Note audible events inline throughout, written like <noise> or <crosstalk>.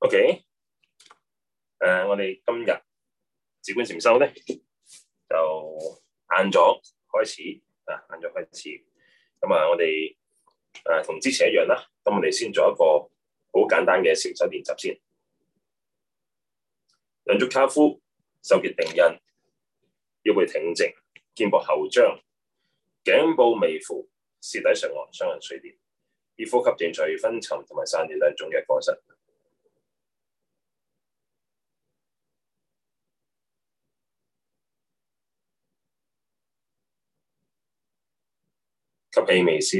OK，誒、uh,，我哋今日止觀禪修咧，就晏咗開始啊，晏咗開始。咁啊，uh, 我哋誒同之前一樣啦。咁我哋先做一個好簡單嘅禪修練習先。兩足跏趺，手結定印，腰背挺直，肩部後張，頸部微俯，舌抵上顎，雙唇碎裂，以呼吸練習分沉同埋散亂兩種嘅方式。吸氣微笑，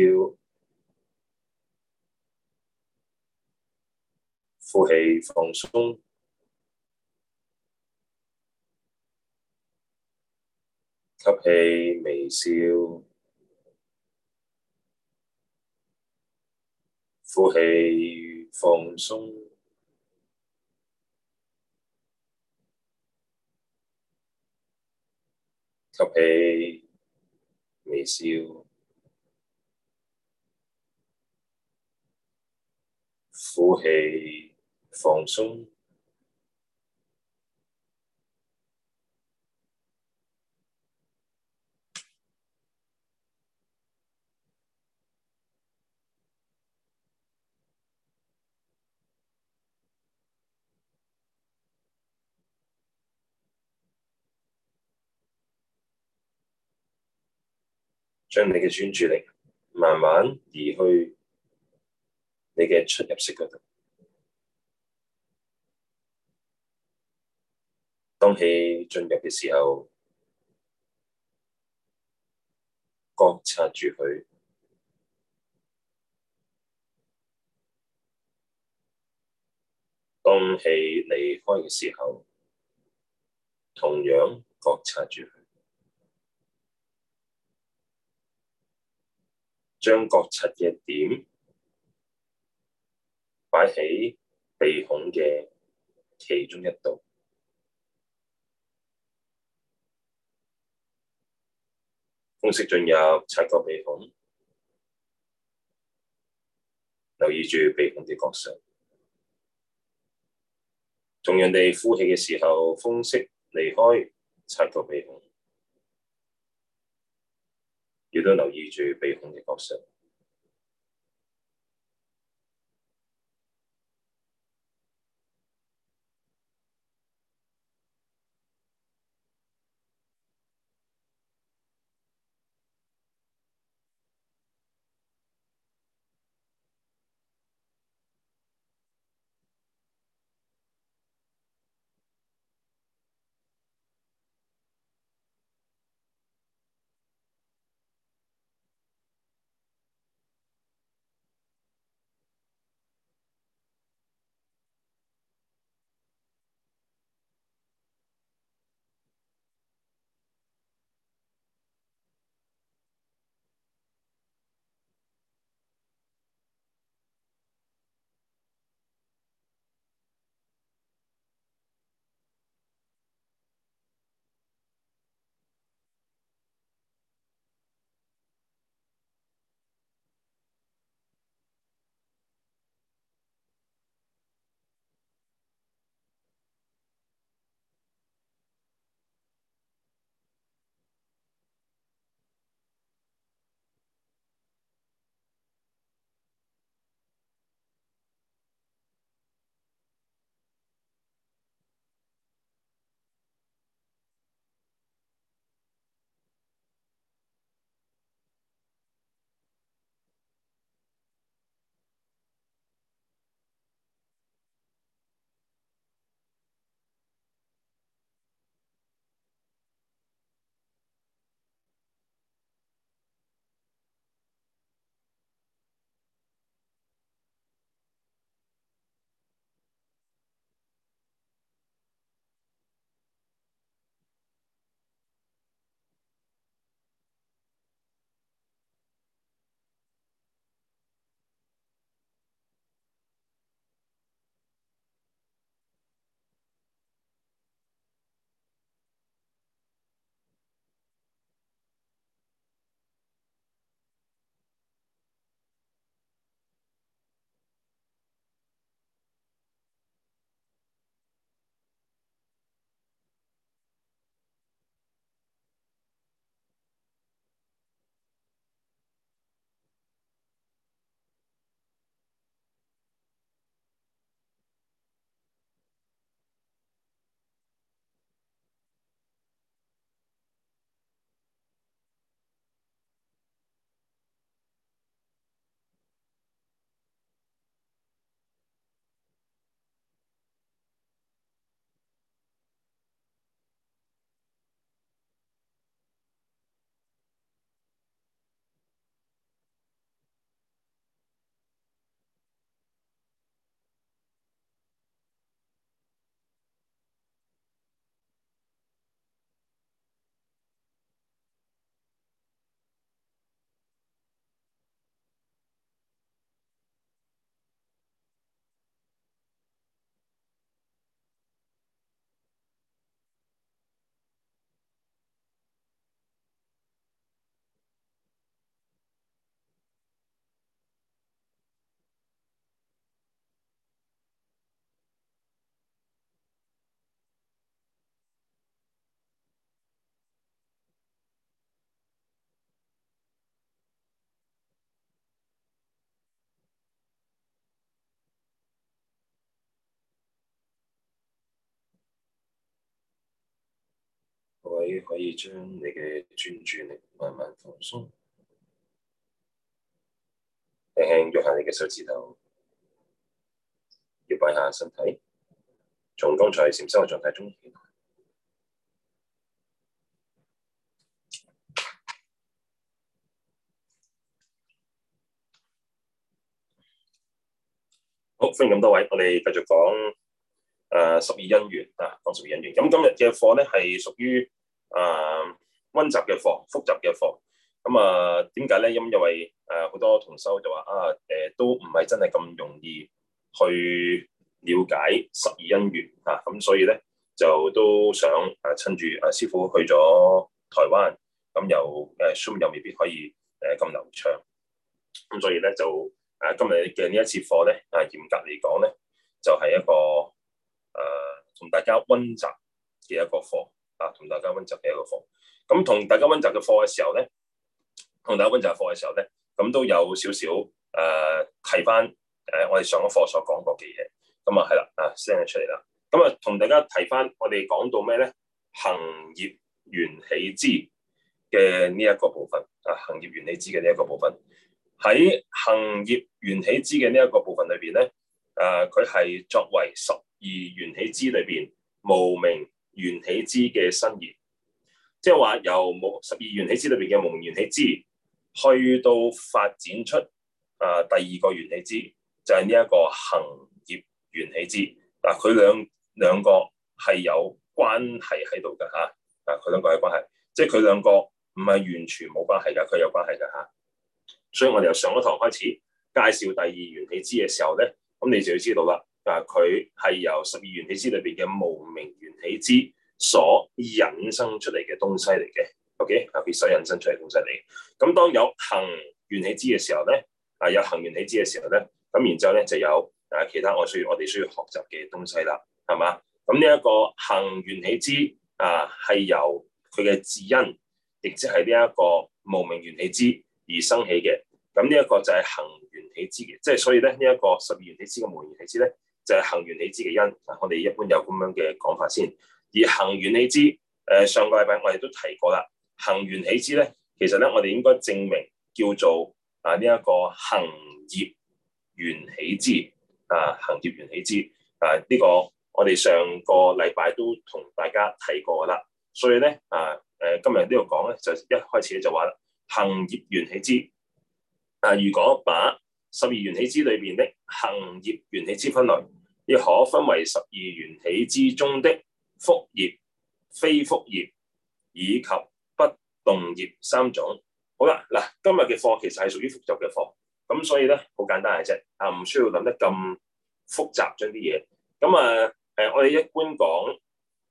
呼氣放鬆。吸氣微笑，呼氣放鬆。吸氣微笑。呼氣，放鬆，將你嘅專注力慢慢移去你嘅出入息嗰度，當佢進入嘅時候，覺察住佢；當佢離開嘅時候，同樣覺察住佢。將覺察嘅點，擺起鼻孔嘅其中一度，風息進入察覺鼻孔，留意住鼻孔嘅角度。同樣地呼氣嘅時候，風息離開察覺鼻孔，亦都留意住鼻孔嘅角度。你可以將你嘅專注力慢慢放鬆，輕輕喐下你嘅手指頭，搖擺下身體，從剛才禪修嘅狀態中。好，歡迎咁多位，我哋繼續講誒十二因緣啊，講十二因緣。咁、嗯、今日嘅課咧，係屬於。啊，溫習嘅課，複習嘅課。咁啊，點解咧？因因為誒好、啊、多同修就話啊，誒、呃、都唔係真係咁容易去了解十二因緣啊。咁、啊、所以咧，就都想啊趁住啊師傅去咗台灣，咁、啊、又誒書，啊、又未必可以誒咁、啊、流暢。咁、啊、所以咧，就啊今日嘅呢一節課咧，啊嚴格嚟講咧，就係、是、一個誒同、啊、大家溫習嘅一個課。的的的的呃、啊，同大家溫習嘅一個課，咁同大家溫習嘅課嘅時候咧，同大家溫習嘅課嘅時候咧，咁都有少少誒，提翻，誒，我哋上個課所講過嘅嘢，咁啊係啦，啊 send 咗出嚟啦，咁啊同大家提翻我哋講到咩咧？行業緣起支嘅呢一個部分啊，行業緣起支嘅呢一個部分，喺行業緣起支嘅呢一個部分裏邊咧，誒、啊，佢係作為十二緣起支裏邊無明。緣起支嘅新意，即係話由蒙十二緣起支裏邊嘅無明緣起支，去到發展出啊第二個緣起支，就係呢一個行業緣起支。嗱，佢兩兩個係有關係喺度噶吓，嗱，佢兩個有關係，即係佢兩個唔係完全冇關係噶，佢有關係噶吓。所以我哋由上一堂開始介紹第二緣起支嘅時候咧，咁你就要知道啦。啊！佢係由十二緣起支裏邊嘅無明緣起支所引申出嚟嘅東西嚟嘅。OK，特別所引申出嚟嘅東西嚟。咁當有行緣起支嘅時候咧，啊有行緣起支嘅時候咧，咁然之後咧就有啊其他我需要我哋需要學習嘅東西啦，係嘛？咁呢一個行緣起支啊係由佢嘅自因，亦即係呢一個無明緣起支而生起嘅。咁呢一個就係行緣起支嘅，即、就、係、是、所以咧呢一、這個十二緣起支嘅無明緣起支咧，就係行緣起支嘅因，啊，我哋一般有咁樣嘅講法先。而行緣起支，誒、呃、上個禮拜我哋都提過啦。行緣起支咧，其實咧我哋應該證明叫做啊呢一、這個行業緣起支，啊行業緣起支，啊呢、這個我哋上個禮拜都同大家提過啦。所以咧啊誒、呃、今日呢度講咧，就一開始咧就話啦，行業緣起支，啊如果把十二緣起支裏邊的行業緣起支分類，亦可分為十二緣起支中的福業、非福業以及不動業三種。好啦，嗱，今日嘅課其實係屬於複雜嘅課，咁所以咧好簡單嘅啫，啊，唔需要諗得咁複雜，將啲嘢。咁啊，誒，我哋一般講誒、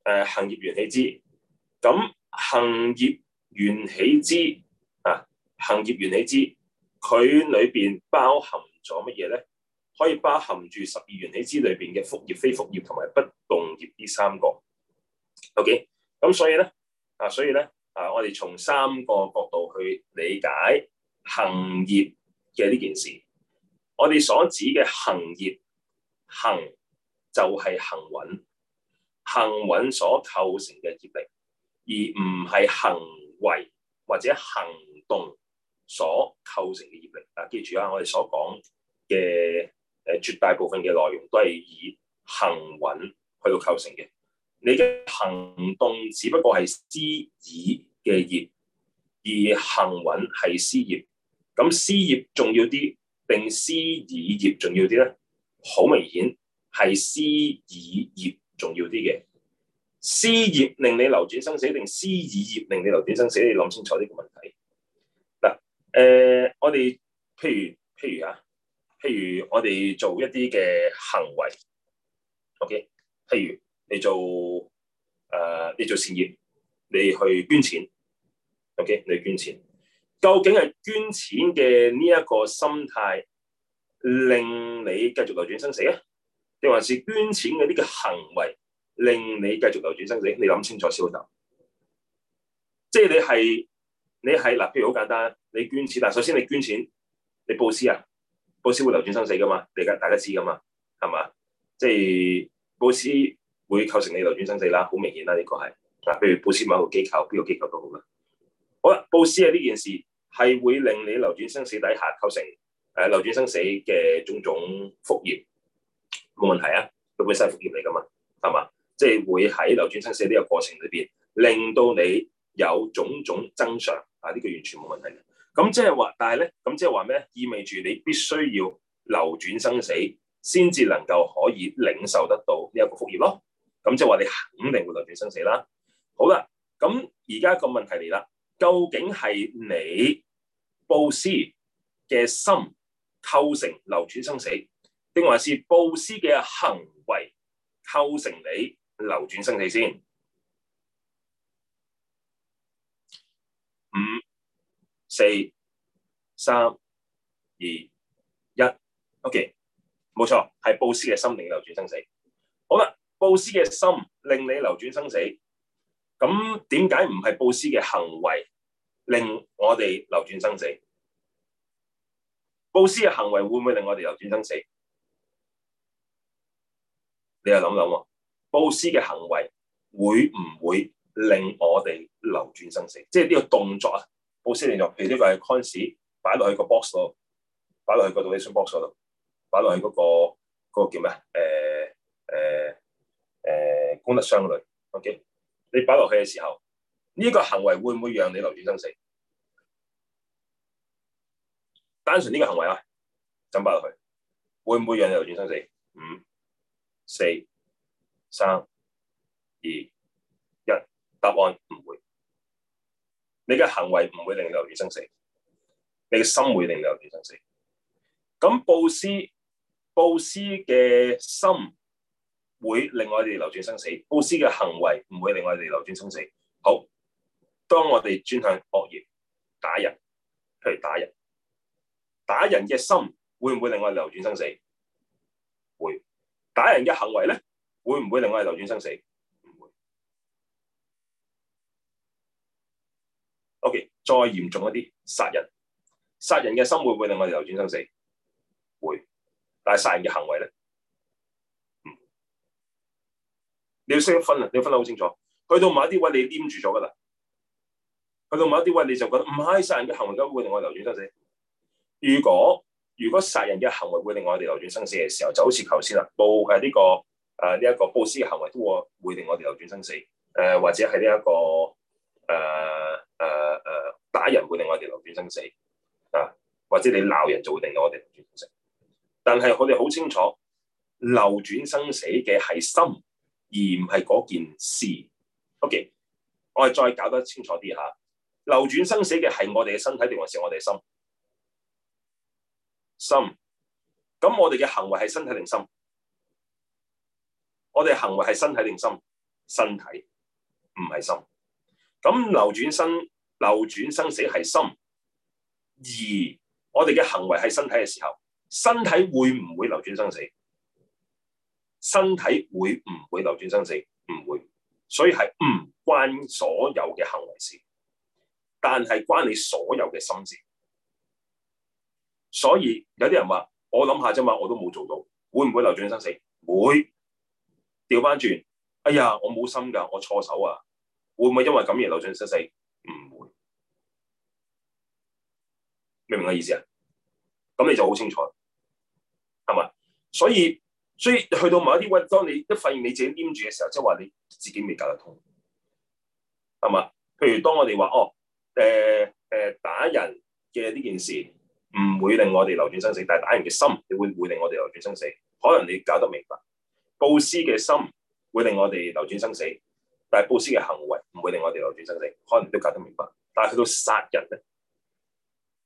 呃、行業緣起支，咁行業緣起支啊，行業緣起支。佢裏邊包含咗乜嘢咧？可以包含住十二緣起支裏邊嘅福業、非福業同埋不動業呢三個。OK，咁所以咧啊，所以咧啊，我哋從三個角度去理解行業嘅呢件事。我哋所指嘅行業，行就係行蘊，行蘊所構成嘅業力，而唔係行為或者行動。所構成嘅業力啊！記住啊，我哋所講嘅誒絕大部分嘅內容都係以行蘊去到構成嘅。你嘅行動只不過係思已嘅業，而行蘊係思業。咁思業重要啲定思已業重要啲咧？好明顯係思已業重要啲嘅。思業令你流轉生死定思已業令你流轉生死？你諗清楚呢個問題。誒、呃，我哋譬如譬如啊，譬如我哋做一啲嘅行為，OK，譬如你做誒、呃，你做善業，你去捐錢，OK，你去捐錢，究竟係捐錢嘅呢一個心態令你繼續流轉生死啊？定還是捐錢嘅呢個行為令你繼續流轉生死？你諗清楚先好。得，即係你係。你係嗱，譬如好簡單，你捐錢嗱，首先你捐錢，你報施啊，報施會流轉生死噶嘛，大家大家知噶嘛，係嘛？即、就、係、是、報施會構成你流轉生死啦，好明顯啦、啊，呢、這個係嗱，譬如報施某個機構，邊個機構都好噶。好啦，報施係呢件事係會令你流轉生死底下構成誒流轉生死嘅種種福業，冇問題啊，佢本身福業嚟噶嘛，係嘛？即、就、係、是、會喺流轉生死呢個過程裏邊，令到你有種種增上。啊！呢個完全冇問題嘅，咁即係話，但係咧，咁即係話咩？意味住你必須要流轉生死，先至能夠可以領受得到呢一個福業咯。咁即係話你肯定會流轉生死啦。好啦，咁而家個問題嚟啦，究竟係你布施嘅心構成流轉生死，定還是布施嘅行為構成你流轉生死先？五、四、okay.、三、二、一，OK，冇錯，係布施嘅心令流轉生死。好啦，布施嘅心令你流轉生死。咁點解唔係布施嘅行為令我哋流轉生死？布施嘅行為會唔會令我哋流轉生死？你又諗諗啊，布施嘅行為會唔會？令我哋流轉生死，即係呢個動作啊！布斯連作，譬 <noise> 如呢、這個係 c o n 擺落去個 box 度，擺落去、那個 d i s b o x 度，擺落去嗰個個叫咩？誒誒誒功德箱嗰度 O.K. 你擺落去嘅時候，呢、這個行為會唔會讓你流轉生死？單純呢個行為啊，噉擺落去，會唔會讓你流轉生死？五、四、三、二。答案唔會，你嘅行為唔會令你流轉生死，你嘅心會令你流轉生死。咁布施，布施嘅心會令我哋流轉生死，布施嘅行為唔會令我哋流轉生死。好，當我哋轉向惡業，打人，譬如打人，打人嘅心會唔會令我哋流轉生死？會，打人嘅行為咧會唔會令我哋流轉生死？O.K. 再嚴重一啲，殺人，殺人嘅心會唔會令我哋流轉生死？會，但係殺人嘅行為咧，唔，你要識得分啊！你要分得好清楚。去到某一啲位，你黏住咗噶啦。去到某一啲位，你就覺得唔係殺人嘅行為都會令我哋流轉生死。如果如果殺人嘅行為會令我哋流轉生死嘅時候，就好似頭先啦，暴誒呢個誒呢一個布施嘅行為都會令我哋流轉生死誒、呃，或者係呢一個誒誒。呃啊啊打人會令我哋流轉生死啊，或者你鬧人就會令到我哋流轉生死。但係我哋好清楚，流轉生死嘅係心，而唔係嗰件事。OK，我哋再搞得清楚啲吓、啊，流轉生死嘅係我哋嘅身體定還是我哋嘅心？心，咁我哋嘅行為係身體定心？我哋行為係身體定心？身體唔係心，咁流轉生。流轉生死係心，而我哋嘅行為係身體嘅時候，身體會唔會流轉生死？身體會唔會流轉生死？唔會，所以係唔關所有嘅行為事，但係關你所有嘅心事。所以有啲人話：我諗下啫嘛，我都冇做到，會唔會流轉生死？會，掉返轉，哎呀，我冇心噶，我錯手啊，會唔會因為咁而流轉生死？明唔明我意思啊？咁你就好清楚，係咪？所以，所以去到某一啲位，當你一發現你自己黏住嘅時候，即係話你自己未搞得通，係咪？譬如當我哋話哦，誒、呃、誒、呃、打人嘅呢件事唔會令我哋流轉生死，但係打人嘅心你會會令我哋流轉生死，可能你搞得明白。布施嘅心會令我哋流轉生死，但係布施嘅行為唔會令我哋流轉生死，可能你都搞得明白。但係去到殺人咧。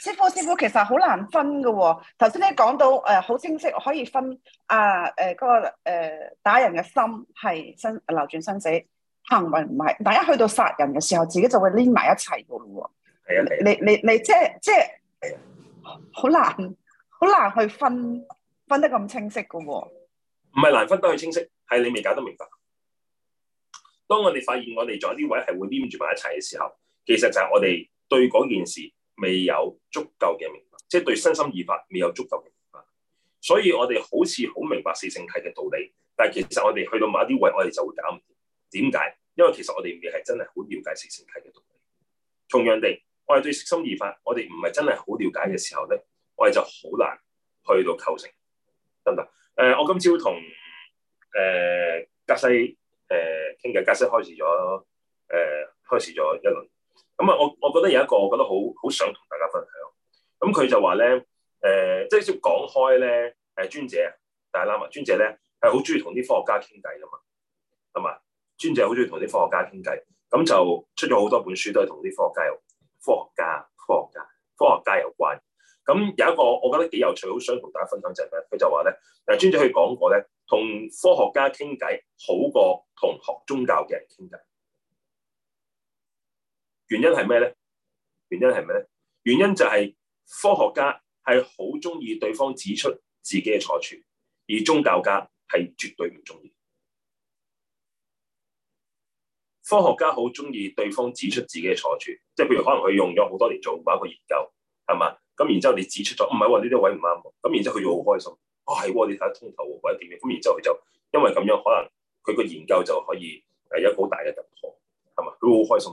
師傅，師傅其實好難分嘅喎。頭先你講到誒好清晰，可以分啊誒嗰個打人嘅心係生流轉生死，行為唔係。但一去到殺人嘅時候，自己就會黏埋一齊嘅咯喎。係啊，你你你即係即係好難好難去分分得咁清晰嘅喎。唔係難分得去清晰，係你未搞得明白。當我哋發現我哋仲有啲位係會黏住埋一齊嘅時候，其實就係我哋對嗰件事，未有足夠嘅明白，即係對身心二法未有足夠嘅明白，所以我哋好似好明白四聖諦嘅道理，但係其實我哋去到某啲位，我哋就會搞唔掂。點解？因為其實我哋未係真係好了解四聖諦嘅道理。同樣地，我哋對身心二法，我哋唔係真係好了解嘅時候咧，我哋就好難去到構成。得唔得？誒、呃，我今朝同誒格西誒傾偈，格西開始咗誒、呃，開始咗一輪。咁啊，我我覺得有一個，我覺得好好想同大家分享。咁佢就話咧，誒、呃，即係先講開咧，誒，尊者，大喇嘛，尊者咧係好中意同啲科學家傾偈㗎嘛，係咪？尊者好中意同啲科學家傾偈，咁就出咗好多本書，都係同啲科學家有，科學家，科學家，科學家有關。咁有一個，我覺得幾有趣，好想同大家分享就係咩？佢就話咧，誒，尊者佢講過咧，同科學家傾偈好過同學宗教嘅人傾偈。原因係咩咧？原因係咩咧？原因就係科學家係好中意對方指出自己嘅錯處，而宗教家係絕對唔中意。科學家好中意對方指出自己嘅錯處，即係譬如可能佢用咗好多年做某一個研究，係嘛？咁然之後你指出咗，唔係喎，呢啲位唔啱、啊，咁然之後佢要好開心。啊，係喎、啊，你睇得通透喎、啊，或者點樣、啊？咁然之後佢就因為咁樣，可能佢個研究就可以誒有一個好大嘅突破，係嘛？佢好開心。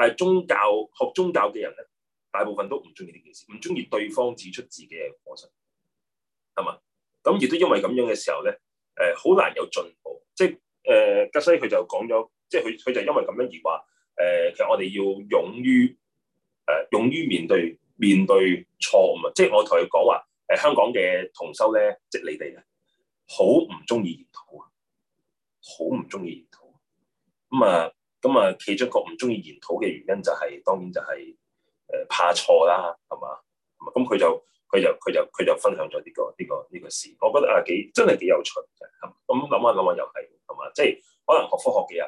但係宗教學宗教嘅人咧，大部分都唔中意呢件事，唔中意對方指出自己嘅過失，係嘛？咁亦都因為咁樣嘅時候咧，誒、呃、好難有進步。即係誒格西佢就講咗，即係佢佢就因為咁樣而話誒，其、呃、實我哋要勇於誒、呃、勇於面對面對錯誤啊！即係我同佢講話誒、呃，香港嘅同修咧，即係你哋咧，好唔中意研討啊，好唔中意研討咁啊！咁啊，其中一個唔中意研討嘅原因就係，當然就係誒怕錯啦，係嘛？咁佢就佢就佢就佢就分享咗啲個呢個呢個事，我覺得啊幾真係幾有趣嘅。咁諗下諗下又係，係嘛？即係可能學科學嘅人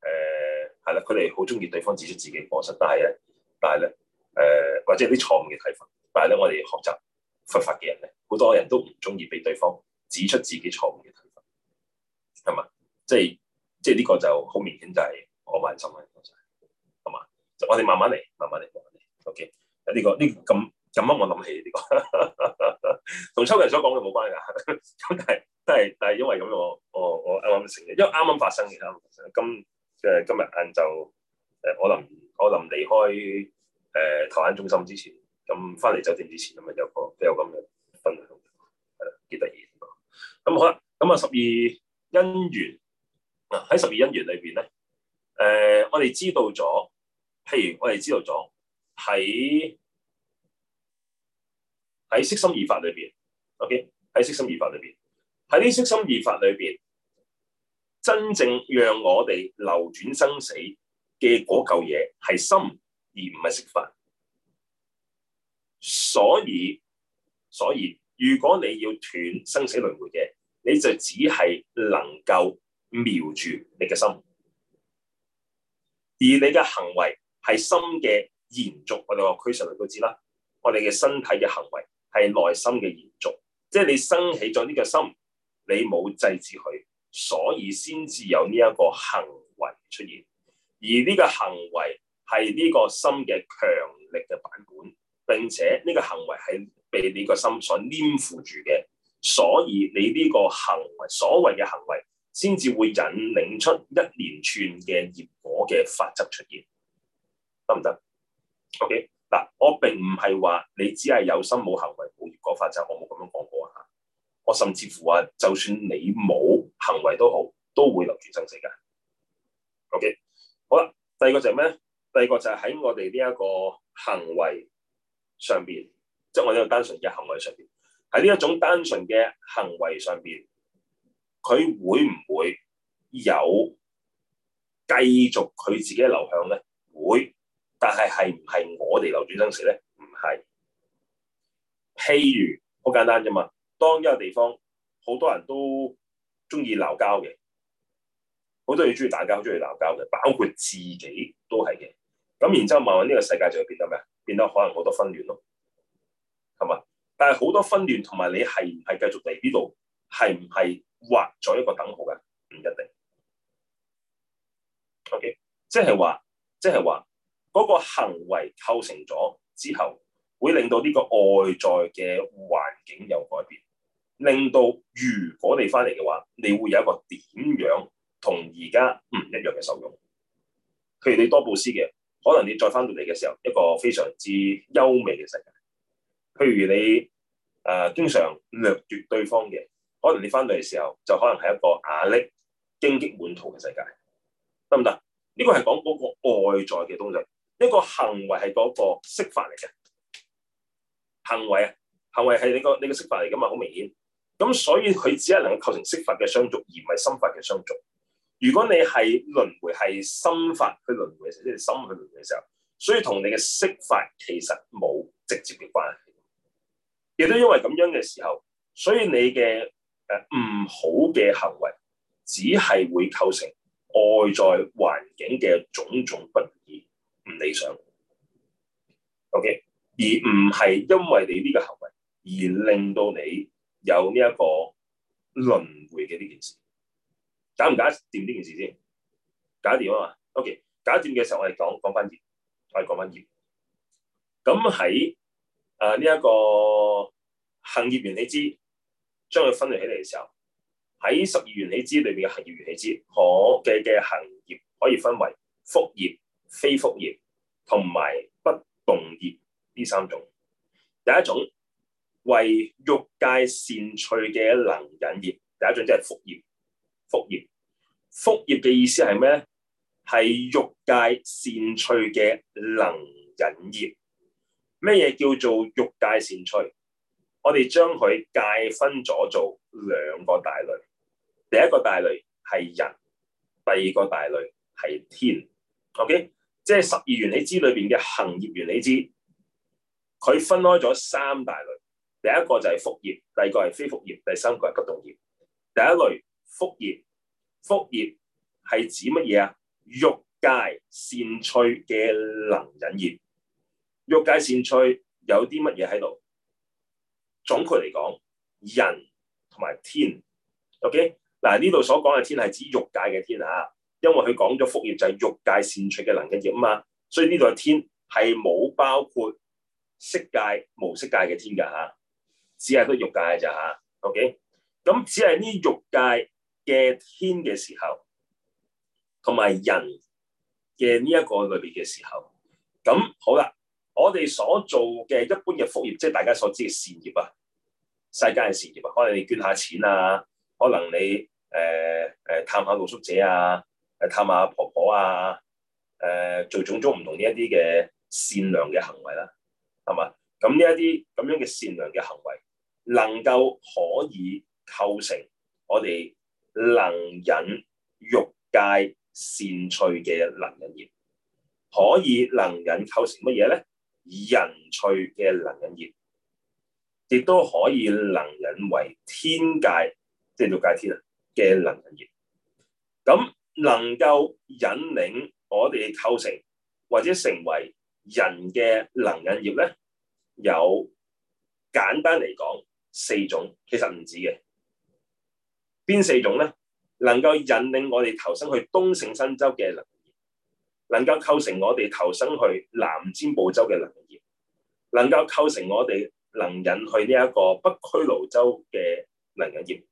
誒係啦，佢哋好中意對方指出自己嘅過失，但係咧，但係咧誒或者啲錯誤嘅睇法，但係咧我哋學習佛法嘅人咧，好多人都唔中意俾對方指出自己錯誤嘅睇法，係嘛？即係即係呢個就好明顯就係。我買心啊，好嘛？我哋、就是嗯、慢慢嚟，慢慢嚟，慢慢嚟。OK，呢、這個呢咁咁乜？我諗起呢個同秋人所講嘅冇關係啊，但係但係但係因為咁樣我我我啱啱成嘅，因為啱啱發生嘅啱啱。今嘅今日晏晝誒，我臨我臨離開誒台灣中心之前，咁翻嚟酒店之前咁啊，有個比較咁嘅分享，係啦，幾得意咁好啦。咁啊，十二因緣啊，喺十二因緣裏邊咧。誒、呃，我哋知道咗，譬如我哋知道咗喺喺色心二法裏邊，OK，喺色心二法裏邊，喺呢色心二法裏邊，真正讓我哋流轉生死嘅嗰嚿嘢係心，而唔係色法。所以，所以如果你要斷生死輪迴嘅，你就只係能夠瞄住你嘅心。而你嘅行為係心嘅延續，我哋話區上律都知啦。我哋嘅身體嘅行為係內心嘅延續，即係你生起咗呢個心，你冇制止佢，所以先至有呢一個行為出現。而呢個行為係呢個心嘅強力嘅版本，並且呢個行為係被你個心所黏附住嘅，所以你呢個行為，所謂嘅行為。先至會引領出一連串嘅業果嘅法則出現，得唔得？OK 嗱，我並唔係話你只係有心冇行為冇業果法則，我冇咁樣講過啊！我甚至乎話，就算你冇行為都好，都會留住生死嘅。OK，好啦，第二個就係咩？第二個就係喺我哋呢一個行為上邊，即係我呢個單純嘅行為上邊，喺呢一種單純嘅行為上邊。佢會唔會有繼續佢自己嘅流向咧？會，但係係唔係我哋流轉生時咧？唔係。譬如好簡單啫嘛，當一個地方好多人都中意鬧交嘅，好多嘢中意打交，好中意鬧交嘅，包括自己都係嘅。咁然之後慢慢呢個世界就會變得咩？變得可能好多紛亂咯，係嘛？但係好多紛亂同埋你係唔係繼續嚟呢度？係唔係？畫咗一個等號嘅，唔一定。OK，即係話，即係話，嗰個行為構成咗之後，會令到呢個外在嘅環境有改變，令到如果你翻嚟嘅話，你會有一個點樣同而家唔一樣嘅受用。譬如你多布施嘅，可能你再翻到嚟嘅時候，一個非常之優美嘅世界。譬如你誒、呃，經常掠奪對方嘅。可能你翻到嚟時候就可能係一個瓦礫、荊棘滿途嘅世界，得唔得？呢個係講嗰個外在嘅東西，呢個行為係嗰個色法嚟嘅，行為啊，行為係你個你個色法嚟噶嘛，好明顯。咁所以佢只係能夠構成色法嘅相續，而唔係心法嘅相續。如果你係輪迴係心法去輪迴嘅時候，即係心去輪迴嘅時候，所以同你嘅色法其實冇直接嘅關係。亦都因為咁樣嘅時候，所以你嘅誒，唔好嘅行為只係會構成外在環境嘅種種不易唔理想。Okay? 而唔係因為你呢個行為而令到你有呢一個輪迴嘅呢件事，搞唔搞掂呢件事先？搞掂啊嘛。Okay. 搞掂嘅時候，我哋講講翻業，我哋講翻業。咁喺誒呢一個行業緣，你知。將佢分類起嚟嘅時候，喺十二緣起支裏邊嘅行業緣起支可嘅嘅行業可以分為福業、非福業同埋不動業呢三種。第一種為欲界善趣嘅能引業，第一種就係福業。福業，福業嘅意思係咩咧？係欲界善趣嘅能引業。咩嘢叫做欲界善趣？我哋將佢界分咗做兩個大類，第一個大類係人，第二個大類係天。OK，即係十二緣起支裏邊嘅行業緣起支。佢分開咗三大類，第一個就係福業，第二個係非福業，第三個係不動業。第一類福業，福業係指乜嘢啊？欲界善趣嘅能引業，欲界善趣有啲乜嘢喺度？總括嚟講，人同埋天，OK 嗱呢度所講嘅天係指欲界嘅天啊，因為佢講咗福業就係欲界善趣嘅能引業啊嘛，所以呢度嘅天係冇包括色界、無色界嘅天㗎嚇，只係得欲界嘅咋嚇，OK 咁只係呢欲界嘅天嘅時候，同埋人嘅呢一個類別嘅時候，咁好啦，我哋所做嘅一般嘅福業，即係大家所知嘅善業啊。世界嘅善業，可能你捐下錢啊，可能你誒誒、呃、探下露宿者啊，誒探下婆婆啊，誒、呃、做種種唔同呢一啲嘅善良嘅行為啦，係嘛？咁呢一啲咁樣嘅善良嘅行為，這這行為能夠可以構成我哋能引欲界善趣嘅能引業，可以能引構成乜嘢咧？人趣嘅能引業。亦都可以能引為天界，即係六界天啊嘅能引業。咁能夠引領我哋構成或者成為人嘅能引業咧，有簡單嚟講四種，其實唔止嘅。邊四種咧？能夠引領我哋投生去東勝神洲嘅能引業，能夠構成我哋投生去南瞻部洲嘅能引業，能夠構成我哋。能引去呢一個北俱蘆洲嘅能引業，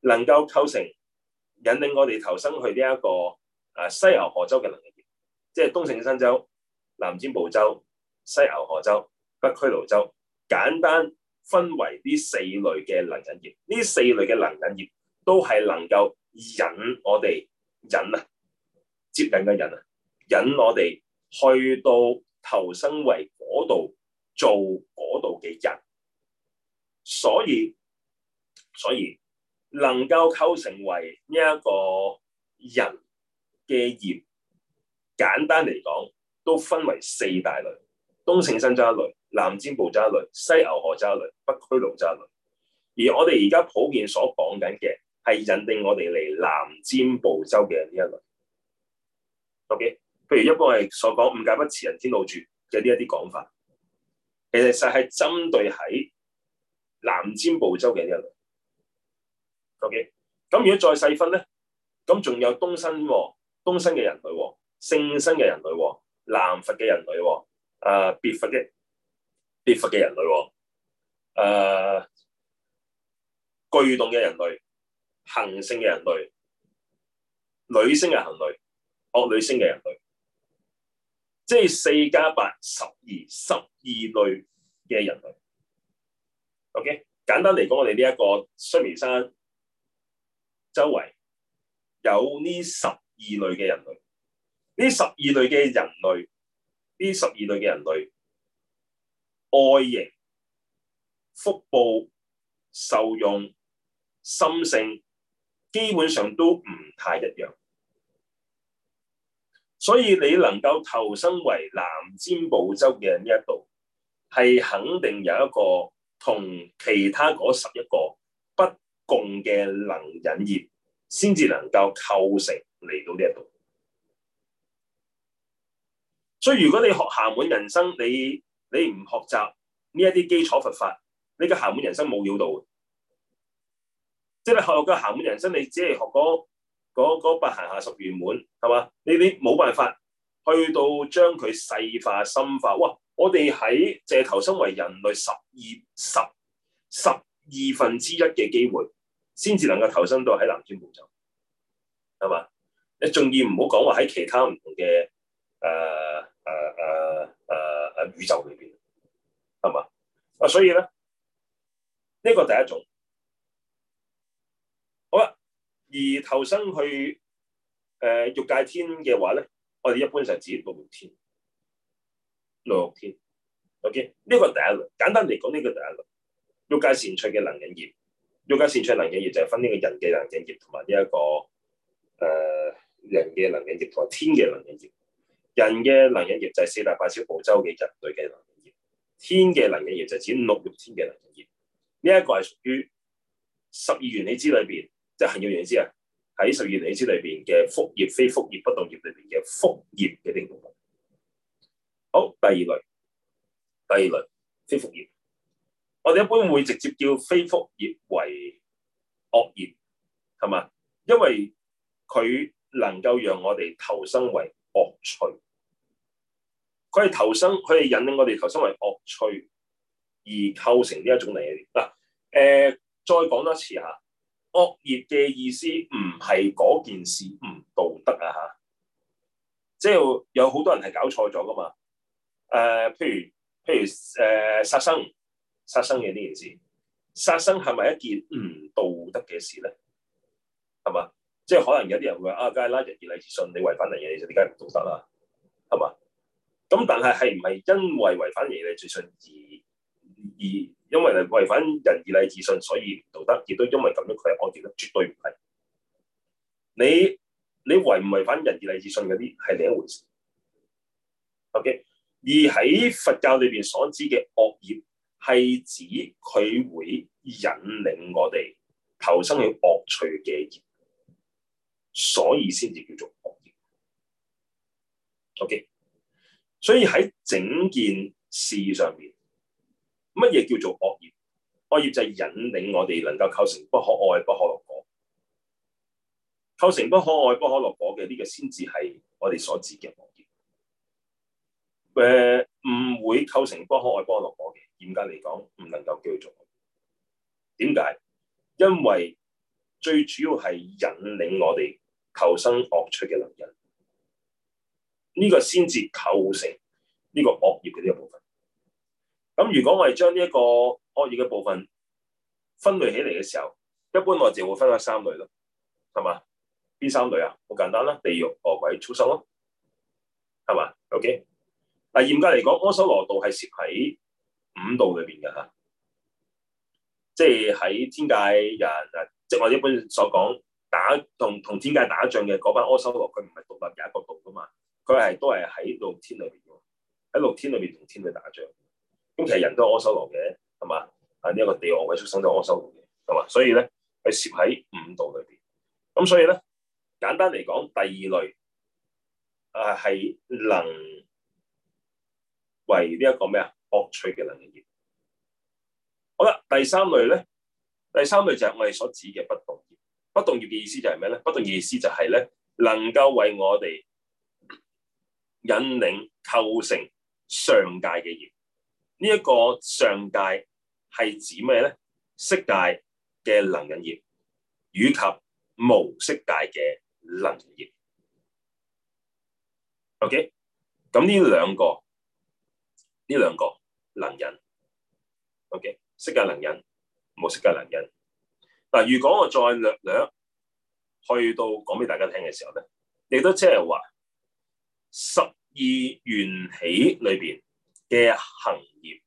能夠構成引領我哋投生去呢一個啊西牛貨洲嘅能引業，即係東勝神洲、南瞻部洲、西牛貨洲、北俱蘆洲，簡單分為呢四類嘅能引業。呢四類嘅能引業都係能夠引我哋引啊，接近嘅引啊，引我哋去到投生為嗰度做。嘅人，所以所以能夠構成為呢一個人嘅業，簡單嚟講都分為四大類：東勝神洲一類、南瞻部洲一類、西牛貨洲一類、北俱蘆洲一類。而我哋而家普遍所講緊嘅係引定我哋嚟南瞻部洲嘅呢一類。O.K.，譬如一般係所講五戒不持人天路絕嘅呢一啲講法。其實係針對喺南瞻部洲嘅人類。OK，咁如果再細分咧，咁仲有東新、哦、東新嘅人類、哦、聖新嘅人類、哦、南佛嘅人類、哦、誒別佛嘅別佛嘅人類、哦、誒、呃、巨動嘅人類、行星嘅人類、女星嘅人類、惡女星嘅人類。即係四加八，十二十二類嘅人類。OK，簡單嚟講，我哋呢一個須彌山周圍有呢十二類嘅人類。呢十二類嘅人類，呢十二類嘅人類，外形、福報、受用、心性，基本上都唔太一樣。所以你能夠投身為南瞻部洲嘅呢一度，係肯定有一個同其他嗰十一個不共嘅能引業，先至能夠構成嚟到呢一度。所以如果你學行滿人生，你你唔學習呢一啲基礎佛法，你嘅行滿人生冇料到嘅，即係學個行滿人生，你只係學嗰。嗰嗰不恆下十圓滿係嘛？你你冇辦法去到將佢細化、深化。哇！我哋喺借投生為人類十二十十二分之一嘅機會，先至能夠投生到喺南瞻部洲係嘛？你仲要唔好講話喺其他唔同嘅誒誒誒誒誒宇宙裏邊係嘛？啊，所以咧呢個第一種。而投身去誒欲、呃、界天嘅話咧，我哋一般就指六六天、六六天。OK，呢個第一類。簡單嚟講，呢個第一類欲界善趣嘅能引業，欲界善趣嘅能引業就係分呢個人嘅能引業同埋呢一個誒人嘅能引業同埋天嘅能引業。人嘅能引業就係四大八小部洲嘅人類嘅能引業，天嘅能引業就係指六六天嘅能引業。呢、這、一個係屬於十二緣起支裏邊。即係要認知啊！喺十二緣支裏邊嘅福業、非福業、不動業裏邊嘅福業嘅定義。好，第二類，第二類非福業。我哋一般會直接叫非福業為惡業，係嘛？因為佢能夠讓我哋投生為惡趣，佢係投生，佢係引領我哋投生為惡趣，而構成呢一種利益。嗱，誒、呃，再講多次嚇。惡業嘅意思唔係嗰件事唔道德啊！嚇，即係有好多人係搞錯咗㗎嘛。誒、呃，譬如譬如誒、呃、殺生，殺生嘅呢件事，殺生係咪一件唔道德嘅事咧？係嘛？即係可能有啲人會話啊，梗係啦，仁義禮智信，你違反人言，你就點解唔道德啦？係嘛？咁但係係唔係因為違反仁義禮智信而而？因為你違反仁義禮智信，所以唔道德，亦都因為咁樣佢係惡業，絕對唔係。你你違唔違反仁義禮智信嗰啲係另一回事。Okay? 而喺佛教裏邊所指嘅惡業，係指佢會引領我哋投生去惡趣嘅業，所以先至叫做惡業。Okay? 所以喺整件事上面。乜嘢叫做惡業？惡業就係引領我哋能夠構成不可愛不可樂果，構成不可愛不可樂果嘅呢、這個先至係我哋所指嘅惡業。誒、呃，唔會構成不可愛不可樂果嘅，嚴格嚟講唔能夠叫做惡業。點解？因為最主要係引領我哋求生惡趣嘅能人。呢、這個先至構成呢個惡業嘅呢個部分。咁如果我係將呢一個惡業嘅部分分類起嚟嘅時候，一般我自然會分咗三類咯，係嘛？邊三類啊？好簡單啦，地獄、餓鬼、畜生咯，係嘛？OK。嗱，嚴格嚟講，阿修羅道係涉喺五道裏邊嘅，即係喺天界人，即係我一般所講打同同天界打仗嘅嗰班阿修羅，佢唔係獨立有一個道噶嘛，佢係都係喺六天裏邊喎，喺六天裏邊同天界打仗。咁其實人都阿修羅嘅，係嘛？喺呢一個地王嘅出生都阿修羅嘅，係嘛？所以咧，佢攝喺五道裏邊。咁所以咧，簡單嚟講，第二類啊係能為呢一個咩啊惡趣嘅能引業。好啦，第三類咧，第三類就係我哋所指嘅不動業。不動業嘅意思就係咩咧？不動業意思就係咧，能夠為我哋引領構成上界嘅業。呢一個上界係指咩咧？色界嘅能引業，以及無色界嘅能引。OK，咁呢兩個，呢兩個能引。OK，色界能引，無色界能引。嗱，如果我再略略去到講俾大家聽嘅時候咧，你都即係話十二緣起裏邊。嘅行業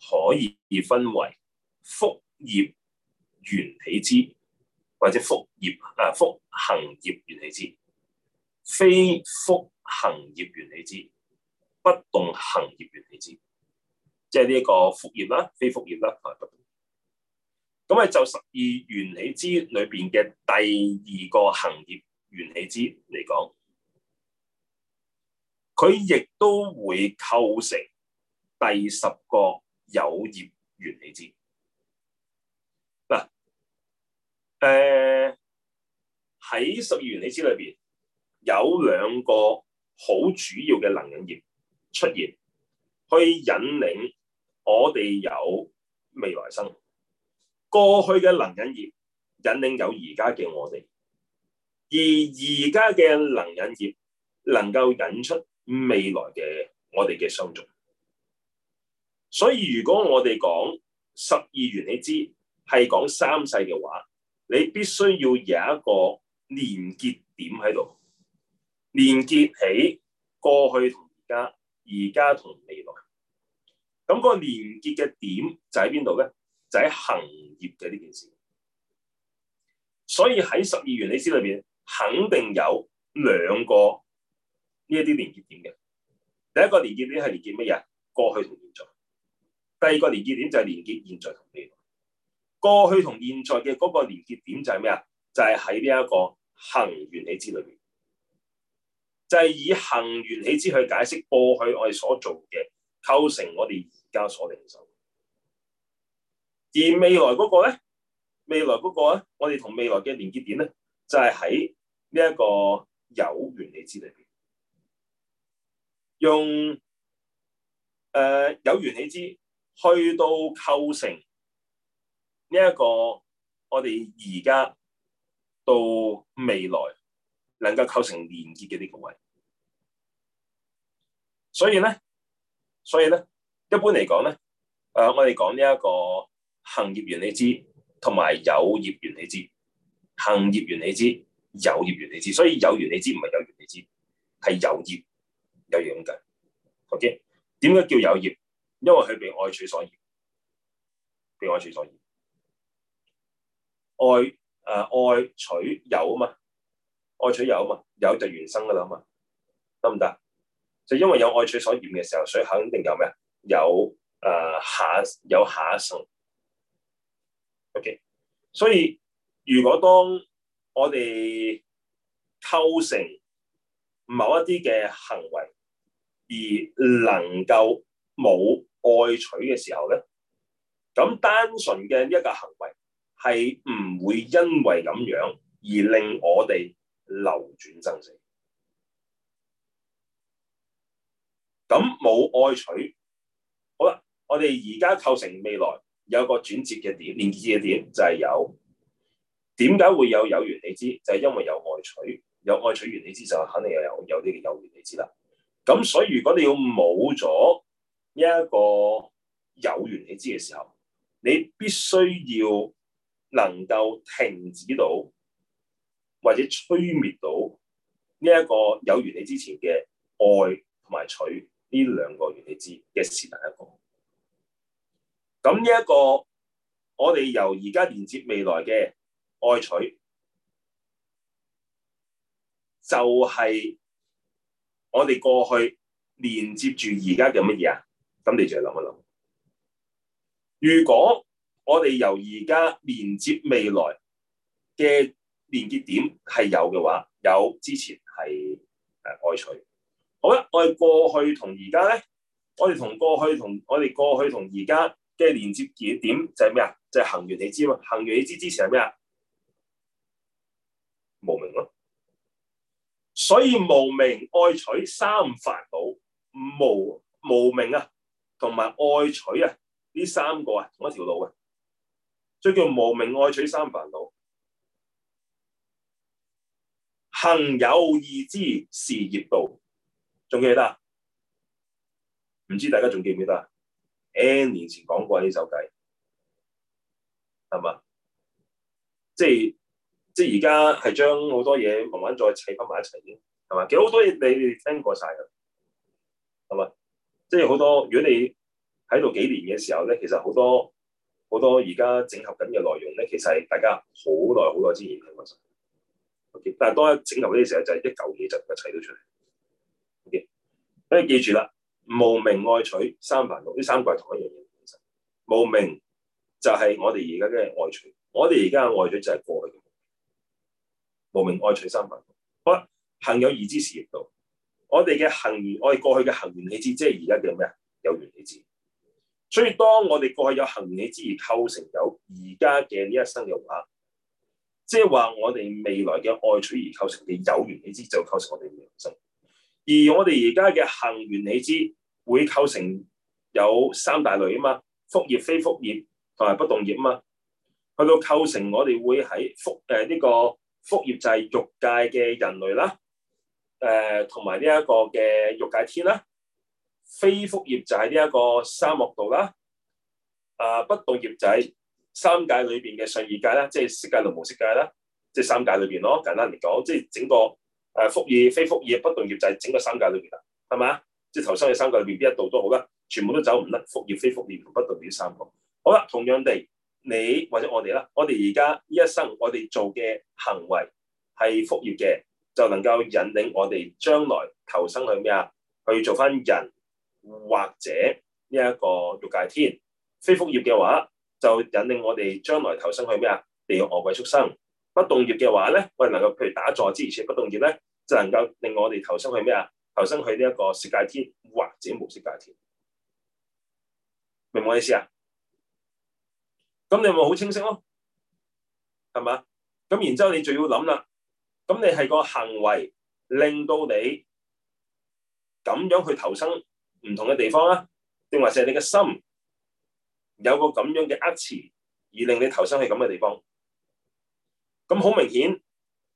可以分為福業緣起支，或者福業啊，福行業緣起支、非福行業緣起支、不動行業緣起支，即係呢個福業啦，非福業啦，不動。咁啊，就十二緣起支裏邊嘅第二個行業緣起支嚟講，佢亦都會構成。第十個有業緣起支嗱，誒喺，十二緣起支裏邊有兩個好主要嘅能引業出現，去引領我哋有未來生活。過去嘅能引業引領有而家嘅我哋，而而家嘅能引業能夠引出未來嘅我哋嘅相續。所以如果我哋講十二緣起支係講三世嘅話，你必須要有一個連結點喺度，連結起過去同而家，而家同未來。咁嗰個連結嘅點就喺邊度咧就喺行業嘅呢件事。所以喺十二緣起支裏邊，肯定有兩個呢一啲連結點嘅。第一個連結點係連結乜嘢？過去同現在。第二個連結點就係連結現在同未來，過去同現在嘅嗰個連結點就係咩啊？就係喺呢一個行緣起支裏邊，就係、是、以行緣起支去解釋過去我哋所做嘅，構成我哋而家所領受。而未來嗰個咧，未來嗰個咧，我哋同未來嘅連結點咧，就係喺呢一個有緣起支裏邊，用誒、呃、有緣起支。去到構成呢一個我哋而家到未來能夠構成連結嘅呢個位，所以咧，所以咧，一般嚟講咧，誒、呃，我哋講呢一個行業緣起支同埋有業緣起支，行業緣起支、有業緣起支，所以有緣起支唔係有業緣起支，係有業有養嘅，O.K.，點解叫有業？因為佢被愛取所染，被愛取所染，愛誒、呃、愛取有啊嘛，愛取有啊嘛，有就原生噶啦嘛，得唔得？就因為有愛取所染嘅時候，所以肯定有咩？有誒、呃、下有下一生。OK，所以如果當我哋構成某一啲嘅行為，而能夠。冇愛取嘅時候咧，咁單純嘅一個行為係唔會因為咁樣而令我哋流轉增值。咁冇愛取，好啦，我哋而家構成未來有個轉折嘅點，連結嘅點就係有。點解會有有緣起支？就係因為有愛取，有愛取緣起支就肯定又有有呢個有緣起支啦。咁所以如果你要冇咗。.呢一個有緣你知嘅時候，你必須要能夠停止到，或者摧滅到呢一、這個有緣你之前嘅愛同埋取呢兩個緣你知嘅事第一個。咁呢一個我哋由而家連接未來嘅愛取，就係、是、我哋過去連接住而家嘅乜嘢啊？咁你就係諗一諗，如果我哋由而家連接未來嘅連結點係有嘅話，有之前係誒愛取，好啦，我哋過去同而家咧，我哋同過去同我哋過去同而家嘅連結點點就係咩啊？就係、是、行完你知嘛，行完你知之前係咩啊？無明咯、啊，所以無明愛取三煩惱，無無明啊！同埋愛取啊，呢三個啊，同一條路嘅、啊，所叫無明愛取三煩惱，行有意之事業道，仲記得？唔知大家仲記唔記得？N 年前講過呢首偈，係嘛？即係即係而家係將好多嘢慢慢再砌翻埋一齊嘅，係嘛？其實好多嘢你哋聽過晒噶，係嘛？即係好多，如果你喺度幾年嘅時候咧，其實好多好多而家整合緊嘅內容咧，其實係大家好耐好耐之前嘅問題。O、OK? K，但係當一整合呢啲時候，就係、是、一舊嘢就一齊都出嚟。O K，所以記住啦，無明愛取三品六，呢三個係同一樣嘢本身。無明就係我哋而家嘅愛取，我哋而家嘅愛取就係過去嘅無明愛取三品六。好，行有二支是業道。我哋嘅行緣，我哋過去嘅行緣起支，即係而家叫咩啊？有緣起支。所以當我哋過去有行緣起支而構成有而家嘅呢一生嘅話，即係話我哋未來嘅愛取而構成嘅有緣起支就構成我哋嘅人生。而我哋而家嘅行緣起支會構成有三大類啊嘛，福業、非福業同埋不動業啊嘛。去到構成我哋會喺福誒呢、呃這個福業就係欲界嘅人類啦。誒，同埋呢一個嘅欲界天啦，非福業就係呢一個三惡道啦，啊不動業仔三界裏邊嘅上二界啦，即係色界同無色界啦，即係三界裏邊咯。簡單嚟講，即係整個誒福業、非福業、不動業仔，整個三界裏邊啦，係咪？即係投身喺三界裏邊，邊一度都好啦，全部都走唔甩，福業、非福業同不動，呢三個。好啦，同樣地，你或者我哋啦，我哋而家呢一生我哋做嘅行為係福業嘅。就能夠引領我哋將來投生去咩啊？去做返人或者呢一個欲界天。非福業嘅話，就引領我哋將來投生去咩啊？地獄、餓鬼、畜生。不動業嘅話咧，我哋能夠譬如打坐之而且不動業咧，就能夠令我哋投生去咩啊？投生去呢一個色界天或者無色界天。明唔明我意思啊？咁你咪好清晰咯，係嘛？咁然之後你就要諗啦。咁你係個行為令到你咁樣去投生唔同嘅地方啊？定話係你嘅心有個咁樣嘅厄磁，而令你投生去咁嘅地方。咁好明顯，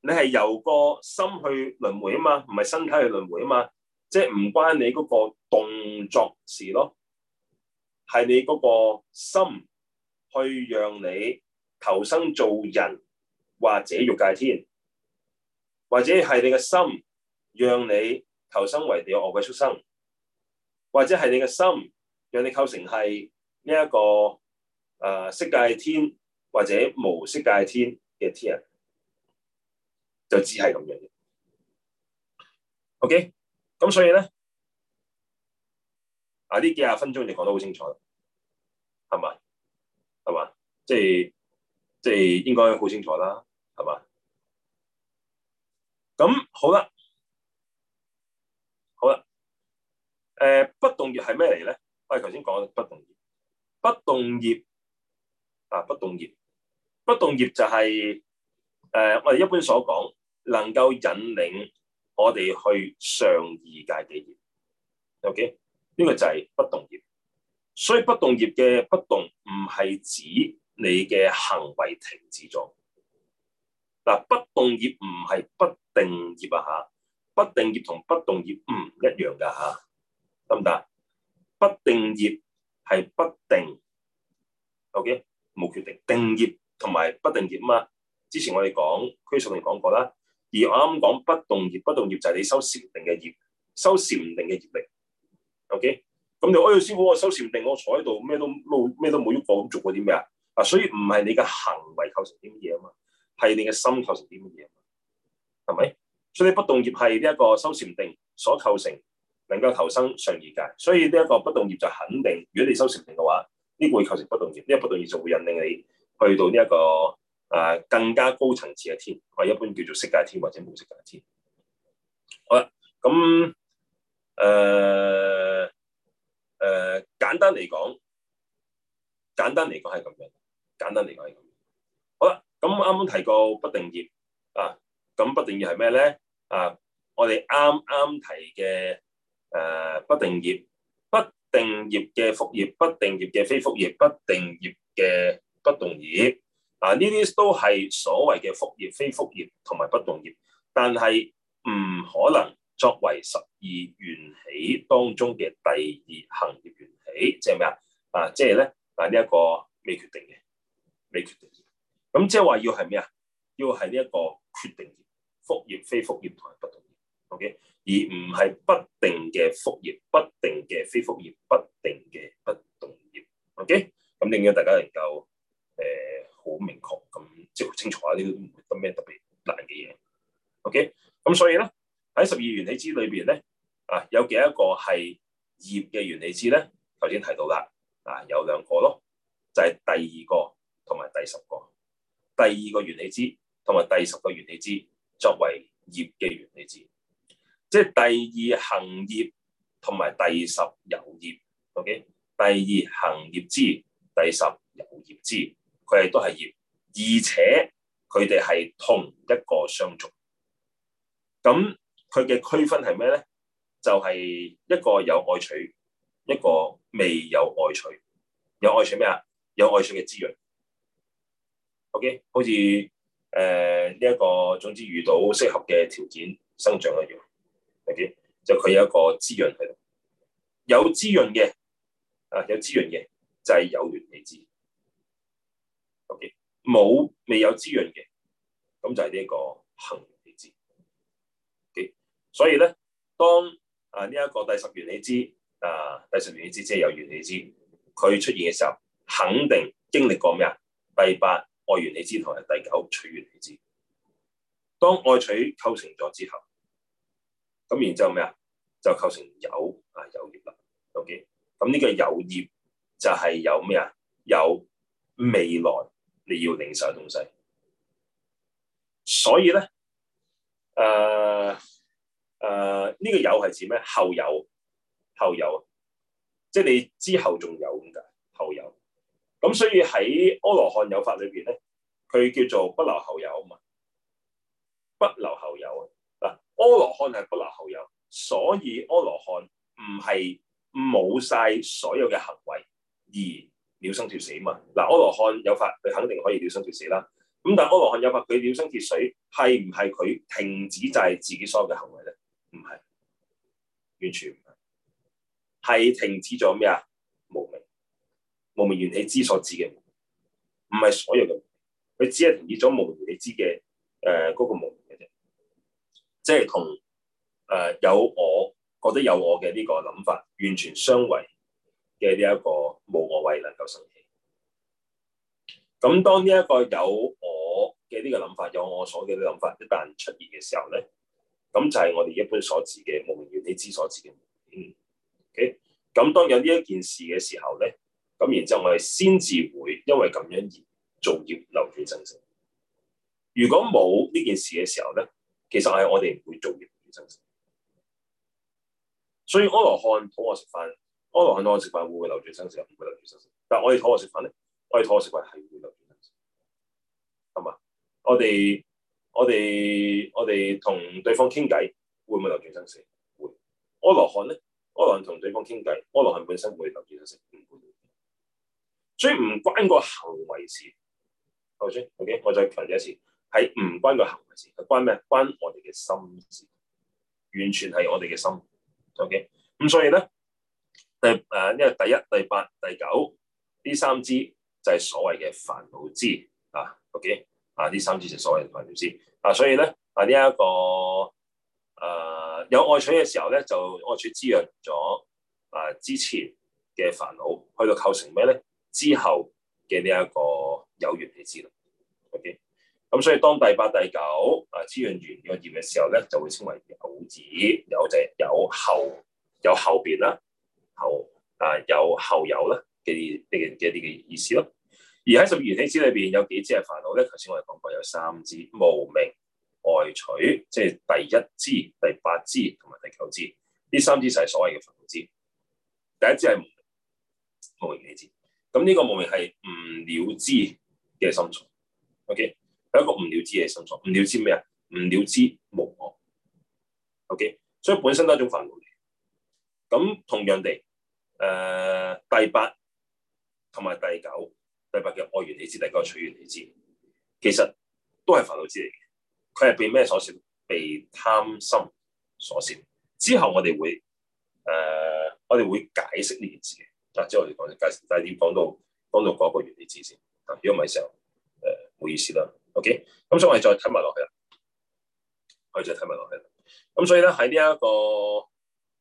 你係由個心去輪迴啊嘛，唔係身體去輪迴啊嘛，即係唔關你嗰個動作事咯，係你嗰個心去讓你投生做人或者欲界天。或者係你嘅心，讓你投生為地惡鬼畜生；或者係你嘅心，讓你構成係呢一個誒、呃、色界天或者無色界天嘅天人，就只係咁樣嘅。OK，咁所以咧啊呢幾廿分鐘你講得好清楚啦，係咪？係嘛，即係即係應該好清楚啦，係嘛？咁好啦，好啦，誒、呃，不動業係咩嚟咧？我哋頭先講咗不動業，不動業啊，不動業，不動業就係、是、誒、呃，我哋一般所講能夠引領我哋去上二界嘅業，OK？呢個就係不動業。所以不動業嘅不動唔係指你嘅行為停止咗。嗱，不動業唔係不定業啊！吓，不定業同不動業唔一樣噶吓，得唔得？不定業係不定，OK，冇決定。定業同埋不定業啊嘛。之前我哋講區上邊講過啦，而我啱講不動業，不動業就係你收禪定嘅業，收禪定嘅業力。OK，咁你哎呀，師傅，我收禪定，我坐喺度，咩都冇，咩都冇喐過，咁做過啲咩啊？啊，所以唔係你嘅行為構成啲乜嘢啊嘛。係你嘅心構成啲乜嘢？係咪？所以不動業係呢一個修禪定所構成，能夠投生上二界。所以呢一個不動業就肯定，如果你修禪定嘅話，呢、這個、會構成不動業。呢、這個不動業就會引領你去到呢、這、一個誒、啊、更加高層次嘅天，或一般叫做色界天或者無色界天。好啦，咁誒誒簡單嚟講，簡單嚟講係咁樣，簡單嚟講係咁。咁啱啱提過不定業啊，咁不定業係咩咧？啊，我哋啱啱提嘅誒不定業，不定業嘅福業、不定業嘅非福業、不定業嘅不動業，啊呢啲都係所謂嘅福業、非福業同埋不動業，但係唔可能作為十二緣起當中嘅第二行業緣起，即係咩啊？啊，即係咧啊呢一、這個未決定嘅，未決定。咁即係話要係咩啊？要係呢一個決定業、福業、非福業同埋不動業，O、okay? K. 而唔係不定嘅福業、不定嘅非福業、不定嘅不動業，O K. 咁令樣大家能夠誒好、呃、明確咁即係清楚啊？呢啲冇乜咩特別難嘅嘢，O K. 咁所以咧喺十二緣起支裏邊咧，啊有幾一個係業嘅緣起支咧？頭先提到啦，啊有兩個咯，就係、是、第二個同埋第十個。第二個緣起支同埋第十個緣起支作為業嘅緣起支，即係第二行業同埋第十有業，O、okay? K，第二行業支，第十有業支，佢哋都係業，而且佢哋係同一個相續。咁佢嘅區分係咩咧？就係、是、一個有愛取，一個未有愛取。有愛取咩啊？有愛取嘅滋潤。O.K.，好似誒呢一個總之遇到適合嘅條件生長一樣，O.K.，就佢有一個滋潤喺度，有滋潤嘅啊，有滋潤嘅就係、是、有緣起支，O.K.，冇未有，有滋潤嘅，咁就係呢一個行緣起支。O.K.，所以咧，當啊呢一、這個第十緣起支啊第十緣起支即係有緣起支佢出現嘅時候，肯定經歷過咩啊？第八。愛完你之後係第九取完你之，當愛取構成咗之後，咁然之後咩啊？就構成有啊，有業啦。O.K. 咁呢個有業就係有咩啊？有未來你要領受嘅東西。所以咧，誒、呃、誒，呢、呃這個有係指咩？後有後有，即係你之後仲有咁解後有。咁所以喺阿羅漢有法裏邊咧，佢叫做不留後有啊嘛，不留後有，啊嗱，阿羅漢係不留後有，所以阿羅漢唔係冇晒所有嘅行為，而了生脫死啊嘛。嗱，阿羅漢有法佢肯定可以了生脫死啦。咁但阿羅漢有法佢了生脫死係唔係佢停止曬自己所有嘅行為咧？唔係，完全唔係，係停止咗咩啊？無明。無明緣起之所致嘅，唔係所有嘅，佢只係同意咗無明緣起之嘅誒嗰個無明嘅啫，即係同誒、呃、有我覺得有我嘅呢個諗法完全相違嘅呢一個無我位能夠生起。咁當呢一個有我嘅呢個諗法，有我所嘅呢個諗法一旦出現嘅時候咧，咁就係我哋一般所指嘅無明緣起之所致嘅。嗯，OK。咁當有呢一件事嘅時候咧。咁然之後我哋先至會因為咁樣而造業流轉生死。如果冇呢件事嘅時候咧，其實係我哋唔會造業流轉生死。所以阿羅漢討我食飯，阿羅漢討我食飯會唔會流轉生死？唔會流轉生死。但係我哋討我食飯咧，我哋討我食飯係會流轉生死。係嘛？我哋我哋我哋同對方傾偈會唔會流轉生死？會。阿羅漢咧，阿羅漢同對方傾偈，阿羅漢本身會流轉生死。所以唔關個行為事，係咪先？OK，我再強調一次，係唔關個行為事，係關咩？關我哋嘅心事，完全係我哋嘅心。OK，咁所以咧，第誒，因、呃、為、這個、第一、第八、第九呢三支就係所謂嘅煩惱支啊。OK，啊，呢三支就所謂嘅煩惱支啊。所以咧啊，呢一個誒、呃、有愛取嘅時候咧，就愛取滋潤咗啊之前嘅煩惱，去到構成咩咧？之後嘅呢一個有緣起支，O.K.，咁所以當第八、第九啊、滋潤完個業嘅時候咧，就會稱為有支、有者、有後、有後邊啦，後啊有後有啦嘅呢嘅嘅一啲嘅意思咯。而喺十二緣起支裏邊有幾支係煩惱咧？頭先我哋講過有三支：無明、愛取，即係第一支、第八支同埋第九支。呢三支就係所謂嘅煩惱支。第一支係無明，無明緣起支。咁呢個無明係唔了知嘅心所，OK，有一個唔了知嘅心所，唔了知咩啊？唔了知無我，OK，所以本身都係一種煩惱嚟。咁同樣地，誒、呃，第八同埋第九，第八嘅愛緣起支，第九取緣起支，其實都係煩惱支嚟嘅。佢係被咩所攝？被貪心所攝。之後我哋會誒、呃，我哋會解釋呢件事。啊，即我哋講解釋，但係點講到，講到講個原理知先。啊，如果唔係嘅時候，誒、呃，冇意思啦。OK，咁所以我哋再睇埋落去啦，我哋再睇埋落去。咁所以咧喺呢一、這個誒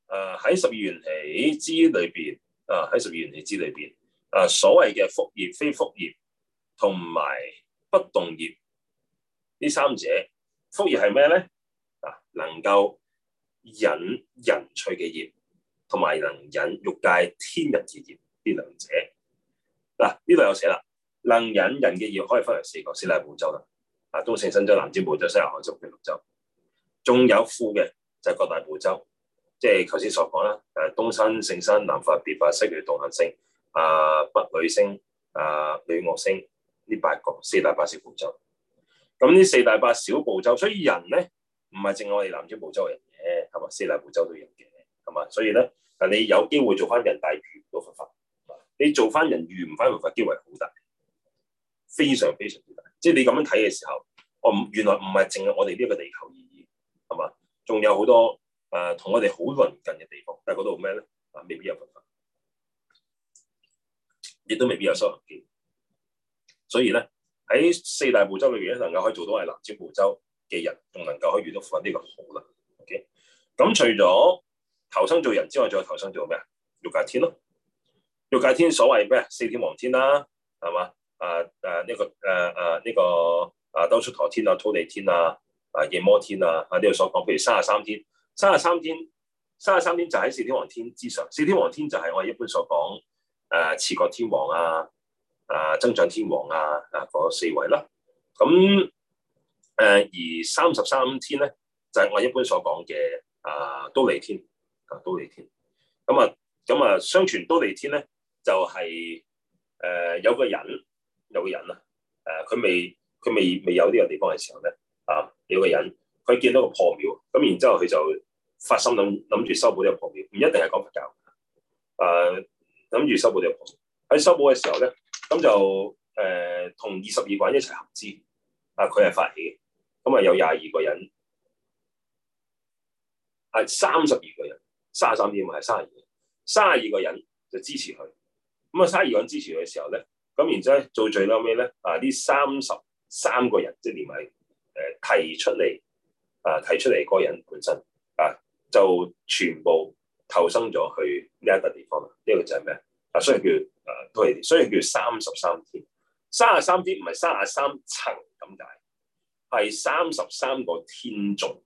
喺十二緣起之裏邊，啊喺十二緣起之裏邊，啊所謂嘅福業、非福業同埋不動業呢三者，福業係咩咧？啊，能夠引人趣嘅業。同埋能引欲界天人二者，呢兩者，嗱呢度有寫啦，能引人嘅業可以分為四個，四大部洲啦，啊東勝神洲、南瞻部洲、西牛貨洲、北俱洲，仲有副嘅就係、是、各大部洲，即係頭先所講啦，誒東勝、勝山、南法、別法、西如、洞行星、啊北女星、啊、呃、女惡星呢八個四大八小部洲，咁呢四大八小部洲，所以人咧唔係淨係我哋南瞻部洲人嘅，係嘛？四大部洲都有人嘅。嘛，所以咧，但你有機會做翻人大遇唔到佛法。你做翻人遇唔翻佛法，機會好大，非常非常之大。即係你咁樣睇嘅時候，我唔原來唔係淨係我哋呢一個地球而已，係嘛？仲有好多誒，同、啊、我哋好鄰近嘅地方，但係嗰度咩咧？啊，未必有佛法，亦都未必有修行機。所以咧，喺四大部洲裏邊，能夠可以做到係南瞻部洲嘅人，仲能夠可以遇到佛法呢個好能。OK，咁除咗。投生做人之外，仲有投生做咩啊？欲界天咯，欲界天所謂咩啊？四天王天啦，係嘛？誒誒呢個誒誒呢個啊，兜率陀天啊，土地天、mm hmm. 天，天啊，夜摩、uh, uh, uh, uh, uh, uh, uh, uh, 天啊，啊呢度所講，譬如三十三天，三十三天，三十三天就喺四天王天之上，四天王天就係我哋一般所講誒，持國天王啊，誒增長天王啊，啊嗰四位啦。咁誒而三十三天咧，就係我一般所講嘅啊，忉利天。忉利天，咁、嗯、啊，咁、嗯、啊，相傳忉利天咧，就係、是、誒、呃、有個人，有個人啊，誒佢未佢未未有呢個地方嘅時候咧，啊有個人，佢見到個破廟，咁、嗯、然之後佢就發心諗諗住修補呢個破廟，唔一定係講佛教，誒諗住修補呢個破廟。喺修補嘅時候咧，咁、嗯、就誒同二十二個人一齊合資，啊佢係發起嘅，咁、嗯、啊有廿二個人，係三十二個人。三十三天唔係三十二，三十二個人就支持佢。咁啊，三十二個人支持佢嘅時候咧，咁然之後咧，到最嬲尾咧，啊呢三十三個人，即係連埋誒提出嚟，啊提出嚟嗰個人本身，啊就全部投生咗去呢一笪地方。呢、這個就係咩啊？所以叫誒都係，所以叫三十三天。三十三天唔係三十三層咁解，係三十三個天眾。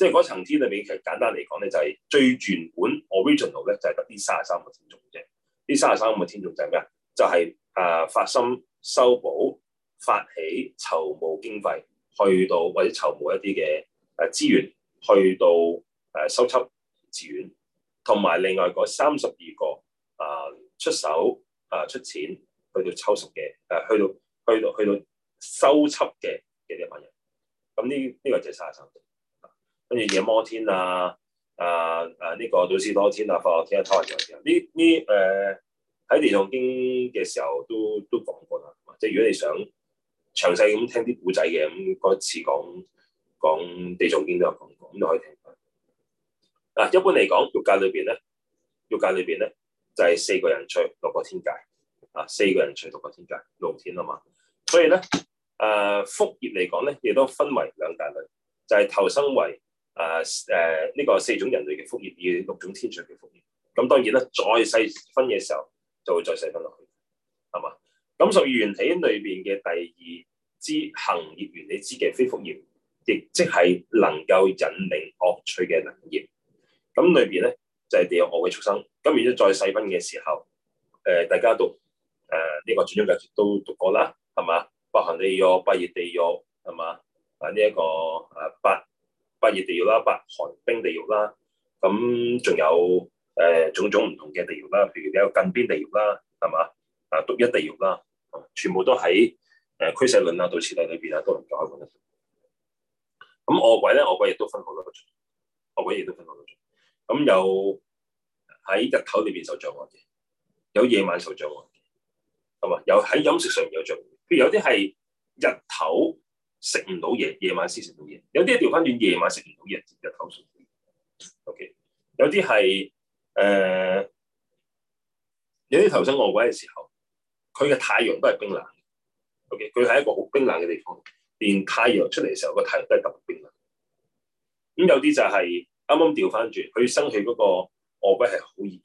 即係嗰層天入面，其實簡單嚟講咧，就係、是、最原本 original 咧，就係得呢三十三個天眾啫。呢三十三個天眾就係咩？就係誒發心、修補、發起、籌募經費，去到或者籌募一啲嘅誒資源，去到誒、呃、修葺寺院，同埋另外嗰三十二個誒、呃、出手誒、呃、出錢去到抽十嘅誒，去到、呃、去到去到，去到修葺嘅嘅一班人。咁呢呢個就係三十三個。跟住夜摩天啊，啊啊呢、這個睹史多天啊、化樂天啊、他化自在天啊。呢呢誒喺地藏經嘅時候都都講過啦。即係如果你想詳細咁聽啲古仔嘅，咁嗰次講講地藏經都有講過，咁都可以聽。嗱、啊，一般嚟講，欲界裏邊咧，欲界裏邊咧就係、是、四個人趣六個天界啊，四個人趣六個天界六天啊嘛。所以咧誒、啊，福業嚟講咧亦都分為兩大類，就係、是、投生為。誒誒，呢、啊啊這個四種人類嘅福業與六種天上嘅福業，咁當然啦，再細分嘅時候就會再細分落去，係嘛？咁十二緣起裏邊嘅第二支行業原理之行業緣起支嘅非福業，亦即係能夠引領惡趣嘅能業。咁裏邊咧就係、是、地獄、餓鬼、畜生。咁如果再細分嘅時候，誒、呃、大家讀誒呢、呃這個《轉輪教誡》都讀過啦，係嘛？八寒地獄、八熱地獄，係嘛？啊呢一、這個啊八。八熱地獄啦，八寒冰地獄啦，咁仲有誒種種唔同嘅地獄啦，譬如比較近邊地獄啦，係嘛？啊，毒一地獄啦，全部都喺誒俱舍論啊、道次第裏邊啊，都能解開嘅。咁、嗯、餓鬼咧，餓鬼亦都分好多種，餓鬼亦都分好多種。咁、嗯、有喺日頭裏邊受障礙嘅，有夜晚受障礙嘅，係嘛？有喺飲食上有障礙，譬如有啲係日頭，食唔到嘢，夜晚先食到嘢。有啲調翻轉，夜晚食唔到嘢，直接口水。O、okay? K，有啲係誒，有啲投生餓鬼嘅時候，佢嘅太陽都係冰冷。O K，佢係一個好冰冷嘅地方，連太陽出嚟嘅時候，個太陽都係特別冰冷。咁有啲就係啱啱調翻轉，佢生起嗰個餓鬼係好熱嘅，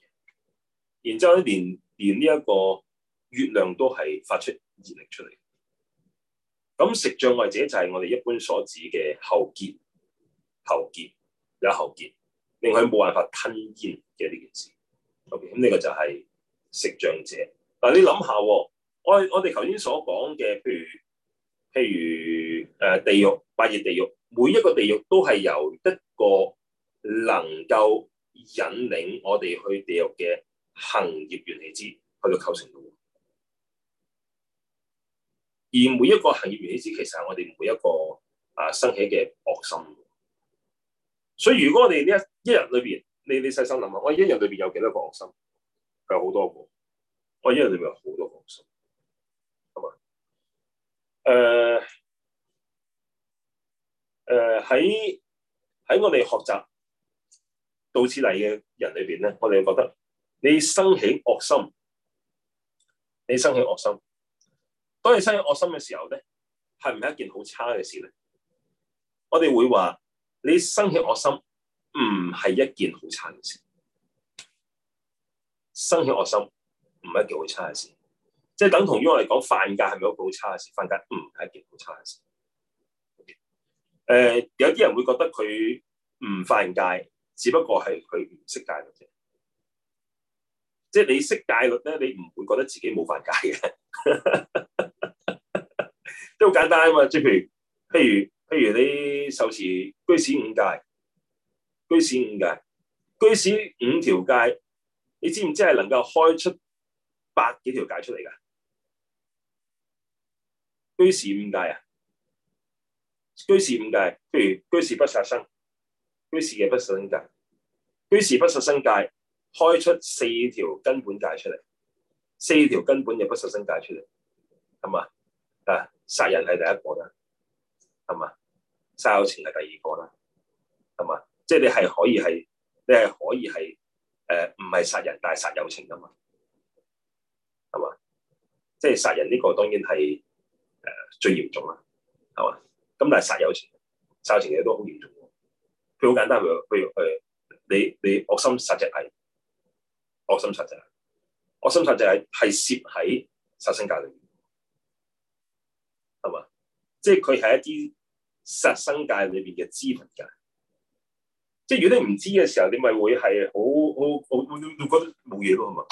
然之後咧連連呢一個月亮都係發出熱力出嚟。咁食障礙者就係我哋一般所指嘅喉結、喉結有喉結，令佢冇辦法吞咽嘅呢件事。咁、okay, 呢個就係食障者。但係你諗下、哦，我我哋頭先所講嘅，譬如譬如誒地獄、八熱地獄，每一個地獄都係由一個能夠引領我哋去地獄嘅行業緣起支去到構成嘅。而每一個行業緣起支其實係我哋每一個啊生起嘅惡心。所以如果我哋呢一一日裏邊，你你細心諗下，我一日裏邊有幾多個惡心？有好多個，我一日裏邊有好多個惡心，咁咪？誒、呃、誒，喺、呃、喺我哋學習到此嚟嘅人裏邊咧，我哋覺得你生起惡心，你生起惡心。當你生起惡心嘅時候咧，係唔係一件好差嘅事咧？我哋會話你生起惡心唔係一件好差嘅事，生起惡心唔係一件好差嘅事，即係等同於我哋講犯戒係咪一個好差嘅事？犯戒唔係一件好差嘅事。誒、呃，有啲人會覺得佢唔犯戒，只不過係佢唔識戒律啫。即係你識戒律咧，你唔會覺得自己冇犯戒嘅。 <laughs> 都好簡單啊嘛！即係譬如，譬如，譬如你受持居士五戒，居士五戒，居士五條戒，你知唔知係能夠開出百幾條戒出嚟㗎？居士五戒啊，居士五戒，譬如居士不殺生，居士嘅不殺生戒，居士不殺生戒開出四條根本戒出嚟，四條根本嘅不殺生戒出嚟，係嘛啊？殺人係第一個啦，係嘛？殺友情係第二個啦，係嘛？即、就、係、是、你係可以係，你係可以係誒，唔係殺人，但係殺友情噶嘛？係嘛？即係殺人呢個當然係誒、呃、最嚴重啦，係嘛？咁但係殺友情，殺友情其實都好嚴重。佢好簡單，譬如譬如誒、呃，你你惡心殺隻蟻，惡心殺隻，惡心殺隻係係涉喺殺生界裏邊。即係佢係一啲殺生界裏邊嘅資格，即係如果你唔知嘅時候，你咪會係好好好，會會覺得冇嘢咯，係嘛？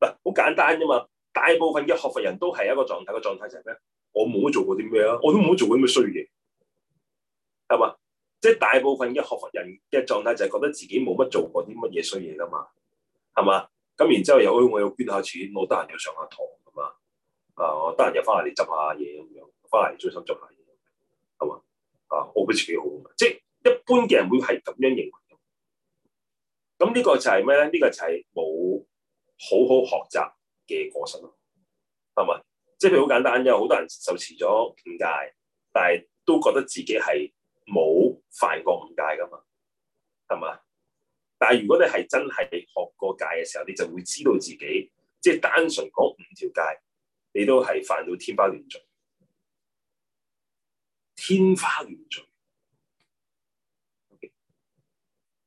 嗱好簡單啫嘛。大部分嘅學佛人都係一個狀態，嘅狀態就係咩？我冇做過啲咩啊，我都冇做過啲乜衰嘢，係嘛？即係大部分嘅學佛人嘅狀態就係覺得自己冇乜做過啲乜嘢衰嘢㗎嘛，係嘛？咁然之後又去我要捐下錢，我得閒又上就下堂咁啊，啊我得閒又翻嚟執下嘢咁樣。花嚟專心做下嘢，係嘛啊？我覺自己好，即係一般嘅人會係咁樣認為。咁呢個就係咩咧？呢個就係冇好好學習嘅過失咯，係嘛？即係佢好簡單，因為好多人受持咗五戒，但係都覺得自己係冇犯過五戒噶嘛，係嘛？但係如果你係真係學過戒嘅時候，你就會知道自己即係單純講五條戒，你都係犯到天花亂墜。天花亂墜，okay.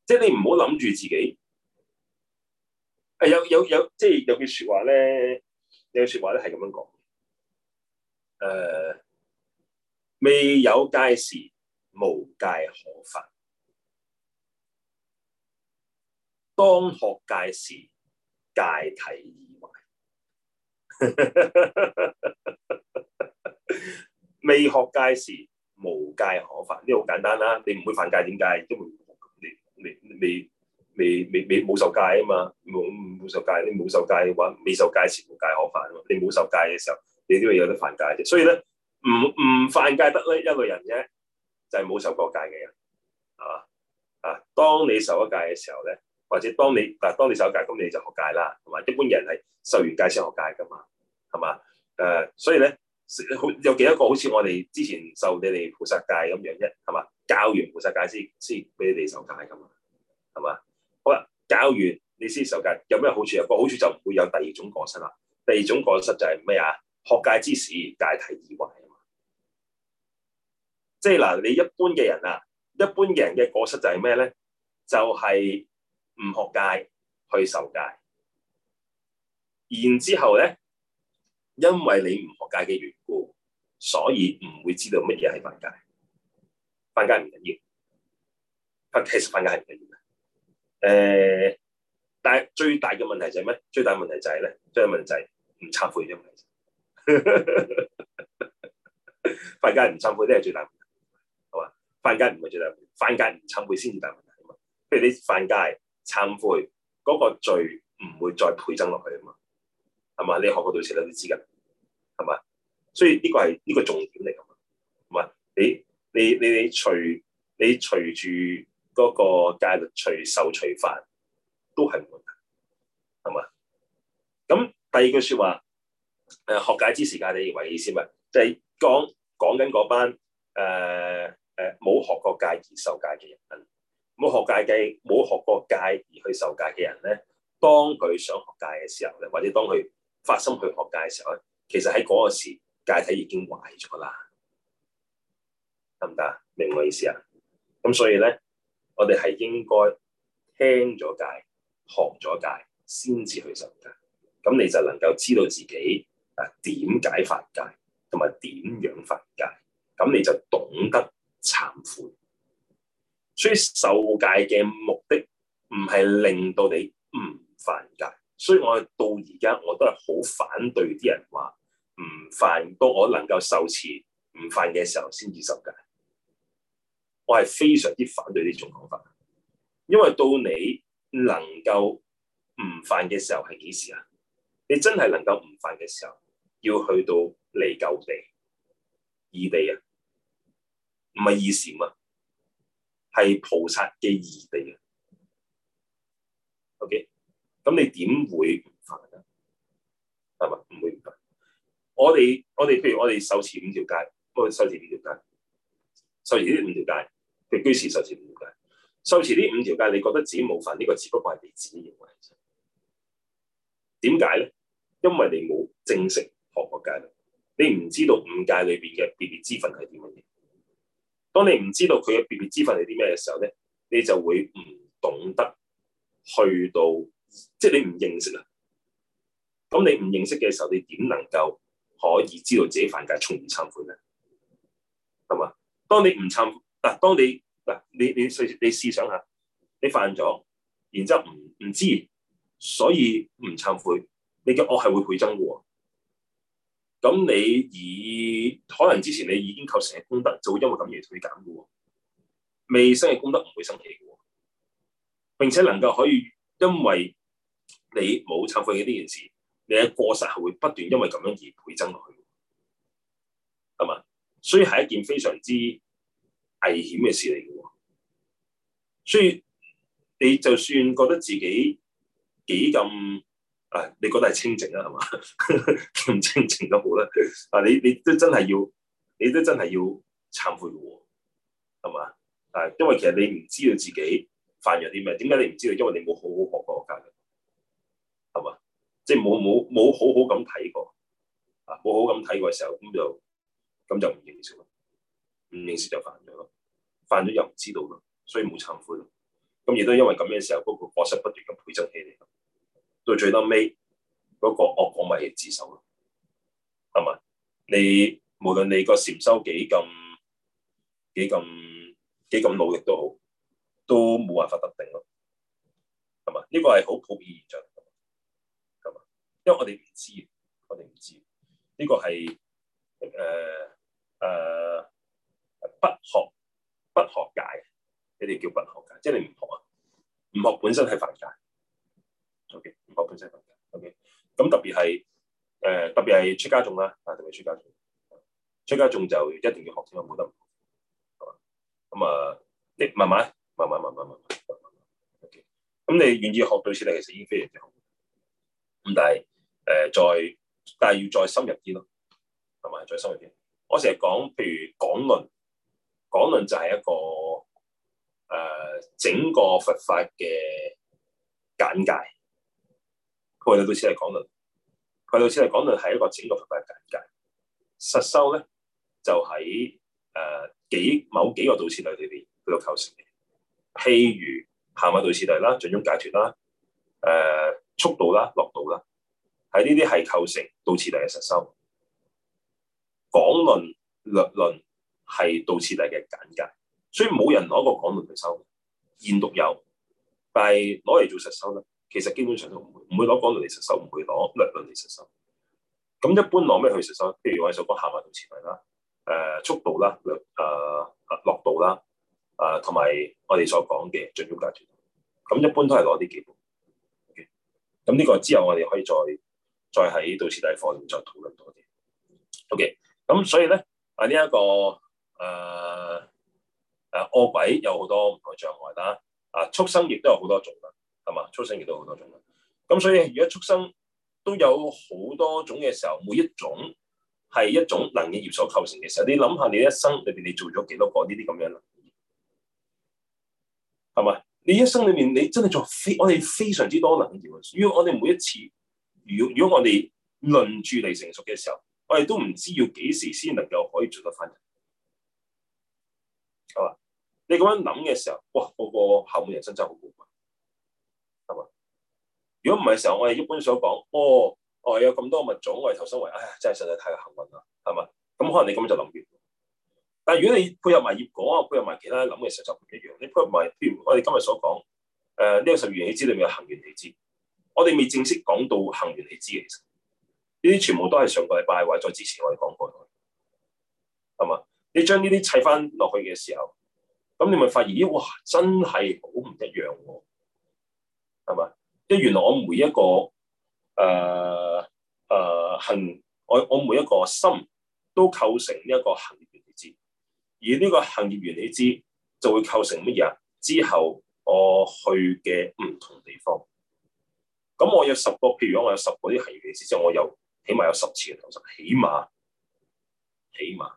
即係你唔好諗住自己。誒有有有，即係有句説話咧，有句説話咧係咁樣講。誒、呃，未有戒時，無戒可犯；當學戒時，戒體已壞。 <laughs> 未學戒時，無戒可犯，呢個好簡單啦。你唔會犯戒，點解？因為你你你你你你冇受戒啊嘛，冇冇受戒。你冇受戒嘅話，未受戒前冇戒可犯啊嘛。你冇受戒嘅時候，你都未有得犯戒啫。所以咧，唔唔犯戒得咧，一個人啫，就係、是、冇受過戒嘅人，係嘛啊？當你受一戒嘅時候咧，或者當你嗱，當你受一戒，咁你就學戒啦，同埋一般人係受完戒先學戒噶嘛，係嘛？誒、啊，所以咧。有好有幾多個好似我哋之前受你哋菩薩戒咁樣啫，係嘛，教完菩薩戒先先俾你哋受戒咁嘛，係嘛？好啦，教完你先受戒，有咩好處啊？個好處就唔會有第二種過失啦。第二種過失就係咩啊？學戒之時戒體已壞啊嘛。即係嗱，你一般嘅人啊，一般嘅人嘅過失就係咩咧？就係、是、唔學戒，去受戒，然之後咧。因為你唔學戒嘅緣故，所以唔會知道乜嘢係犯戒。犯戒唔緊要，犯其實犯戒係唔緊要嘅。誒、呃，但係最大嘅問題就係咩？最大問題就係咧，最大問題係唔懺悔啫。犯戒唔懺悔咧係最大，係嘛？犯戒唔係最大，犯戒唔懺悔先至大問題啊嘛。譬如你犯戒懺悔，嗰、那個罪唔會再倍增落去啊嘛。係嘛？你學過道教咧，都知噶，係嘛？所以呢個係呢個重點嚟噶，唔係你你你你隨你隨住嗰個戒律，隨受隨犯都係冇噶，係嘛？咁第二句說話，誒，學戒之時界，你認為意思咪？就係講講緊嗰班誒誒冇學過戒而受戒嘅人，冇學戒戒冇學過戒而去受戒嘅人咧，當佢想學戒嘅時候咧，或者當佢發生去學戒嘅時候咧，其實喺嗰個時，戒體已經壞咗啦，得唔得啊？明，明我意思啊？咁所以咧，我哋係應該聽咗戒、學咗戒先至去受戒。咁你就能夠知道自己啊點解犯戒，同埋點樣犯戒。咁你就懂得懺悔。所以受戒嘅目的唔係令到你唔犯戒。所以我到而家我都係好反對啲人話唔犯，到我能夠受持唔犯嘅時候先至受戒。我係非常之反對呢種講法，因為到你能夠唔犯嘅時候係幾時啊？你真係能夠唔犯嘅時候，要去到離垢地、二地啊，唔係二時嘛，係菩薩嘅二地啊。OK。咁你點會唔煩咧？係嘛？唔會唔煩。我哋我哋，譬如我哋受持五條界，我哋受持呢條界，受持呢五條界，佢居士受持五條界。受持呢五條界，你覺得自己冇煩呢個，只不過係你自己認為啫。點解咧？因為你冇正式學過界，你唔知道五界裏邊嘅別別之分係點樣嘢。當你唔知道佢嘅別別之分係點咩嘅時候咧，你就會唔懂得去到。即係你唔認識啊，咁你唔認識嘅時候，你點能夠可以知道自己犯戒從唔懺悔咧？係嘛？當你唔懺嗱，當你嗱，你你你試想下，你犯咗，然之後唔唔知，所以唔懺悔，你嘅惡係會倍增嘅。咁你以可能之前你已經構成嘅功德，就會因為咁而退減嘅。未生嘅功德唔會生起嘅，並且能夠可以因為。你冇懺悔嘅呢件事，你嘅過失係會不斷因為咁樣而倍增落去，係嘛？所以係一件非常之危險嘅事嚟嘅。所以你就算覺得自己幾咁啊，你覺得係清淨啊，係嘛？咁 <laughs> 清淨都好啦。啊，你你都真係要，你都真係要懺悔嘅，係嘛？啊，因為其實你唔知道自己犯咗啲咩？點解你唔知道？因為你冇好好學嗰個教。即係冇冇冇好好咁睇過，啊冇好咁睇過嘅時候，咁就咁就唔認識咯，唔認識就犯咗咯，犯咗又唔知道咯，所以冇懺悔咯。咁亦都因為咁嘅時候，嗰、那個過失不斷咁倍增起嚟，咯。到最屘尾嗰個惡果咪係自首咯，係咪？你無論你個禪修幾咁幾咁幾咁努力都好，都冇辦法得定咯，係咪？呢、這個係好普遍現象。因為我哋唔知，我哋唔知呢、這個係誒誒不學不學解你哋叫不學解，即係你唔學啊，唔學本身係犯戒。O.K.，唔學本身犯戒。O.K.，咁、嗯、特別係誒特別係出家眾啊，特別出家眾，出家眾就一定要學先有冇得，係嘛？咁、okay, 啊、嗯呃，你慢慢慢慢慢慢慢慢 O.K. 咁你願意學對此嚟，其實已經非常之好。咁但係。誒、呃，再但係要再深入啲咯，係、嗯、咪？再深入啲。我成日講，譬如廣論，廣論就係一個誒、呃、整個佛法嘅簡介。菩提道次第廣論，菩提道次第廣論係一個整個佛法嘅簡介。實修咧就喺誒、呃、幾某幾個道次第裏邊去到構成嘅，譬如行密道次第啦、盡忠解脱啦、誒、呃、速度啦、落度啦。呃喺呢啲係構成道次第嘅實修，廣論略論係道次第嘅簡介，所以冇人攞個廣論去修，現讀有，但係攞嚟做實修咧，其實基本上就唔會攞廣論嚟實修，唔會攞略論嚟實修。咁一般攞咩去實修？譬如我哋所講下物同次物啦，誒、呃、速度啦，誒、呃、落度啦，誒同埋我哋所講嘅進中階值。咁一般都係攞啲基本。咁、okay? 呢個之後我哋可以再。再喺到此地方，再討論多啲。O K，咁所以咧，喺呢一個誒誒餓鬼有好多唔同嘅障礙啦。啊，畜生亦都有好多種噶，係嘛？畜生亦都有好多種。咁所以，如果畜生都有好多種嘅時候，每一種係一種能引業所構成嘅時候，你諗下，你一生裏面你做咗幾多個呢啲咁樣啦？係咪？你一生裡面你真係做非我哋非常之多能引業，要我哋每一次。如果如果我哋輪住嚟成熟嘅時候，我哋都唔知要幾時先能夠可以做得返人。係嘛？你咁樣諗嘅時候，哇！個個後門人生真係好古怪，係嘛？如果唔係嘅時候，我哋一般所講，哦哦有咁多物種，我哋投生為，唉，真係實在太幸運啦，係嘛？咁可能你咁就諗完。但係如果你配合埋業果啊，配合埋其他諗嘅時候就唔一樣。你配合埋，譬如我哋今日所講，誒、呃、呢、這個十二緣起支裏面嘅行緣起支。我哋未正式講到行業緣起支嘅，其實呢啲全部都係上個禮拜或者再之前我哋講過，係嘛？你將呢啲砌翻落去嘅時候，咁你咪發現咦？哇！真係好唔一樣喎，係嘛？即係原來我每一個誒誒、呃啊、行，我我每一個心都構成一個行業緣起支，而呢個行業緣起支就會構成乜嘢啊？之後我去嘅唔同地方。咁我有十個，譬如講我有十個啲係行業之後，我有起碼有十次嘅投生，起碼起碼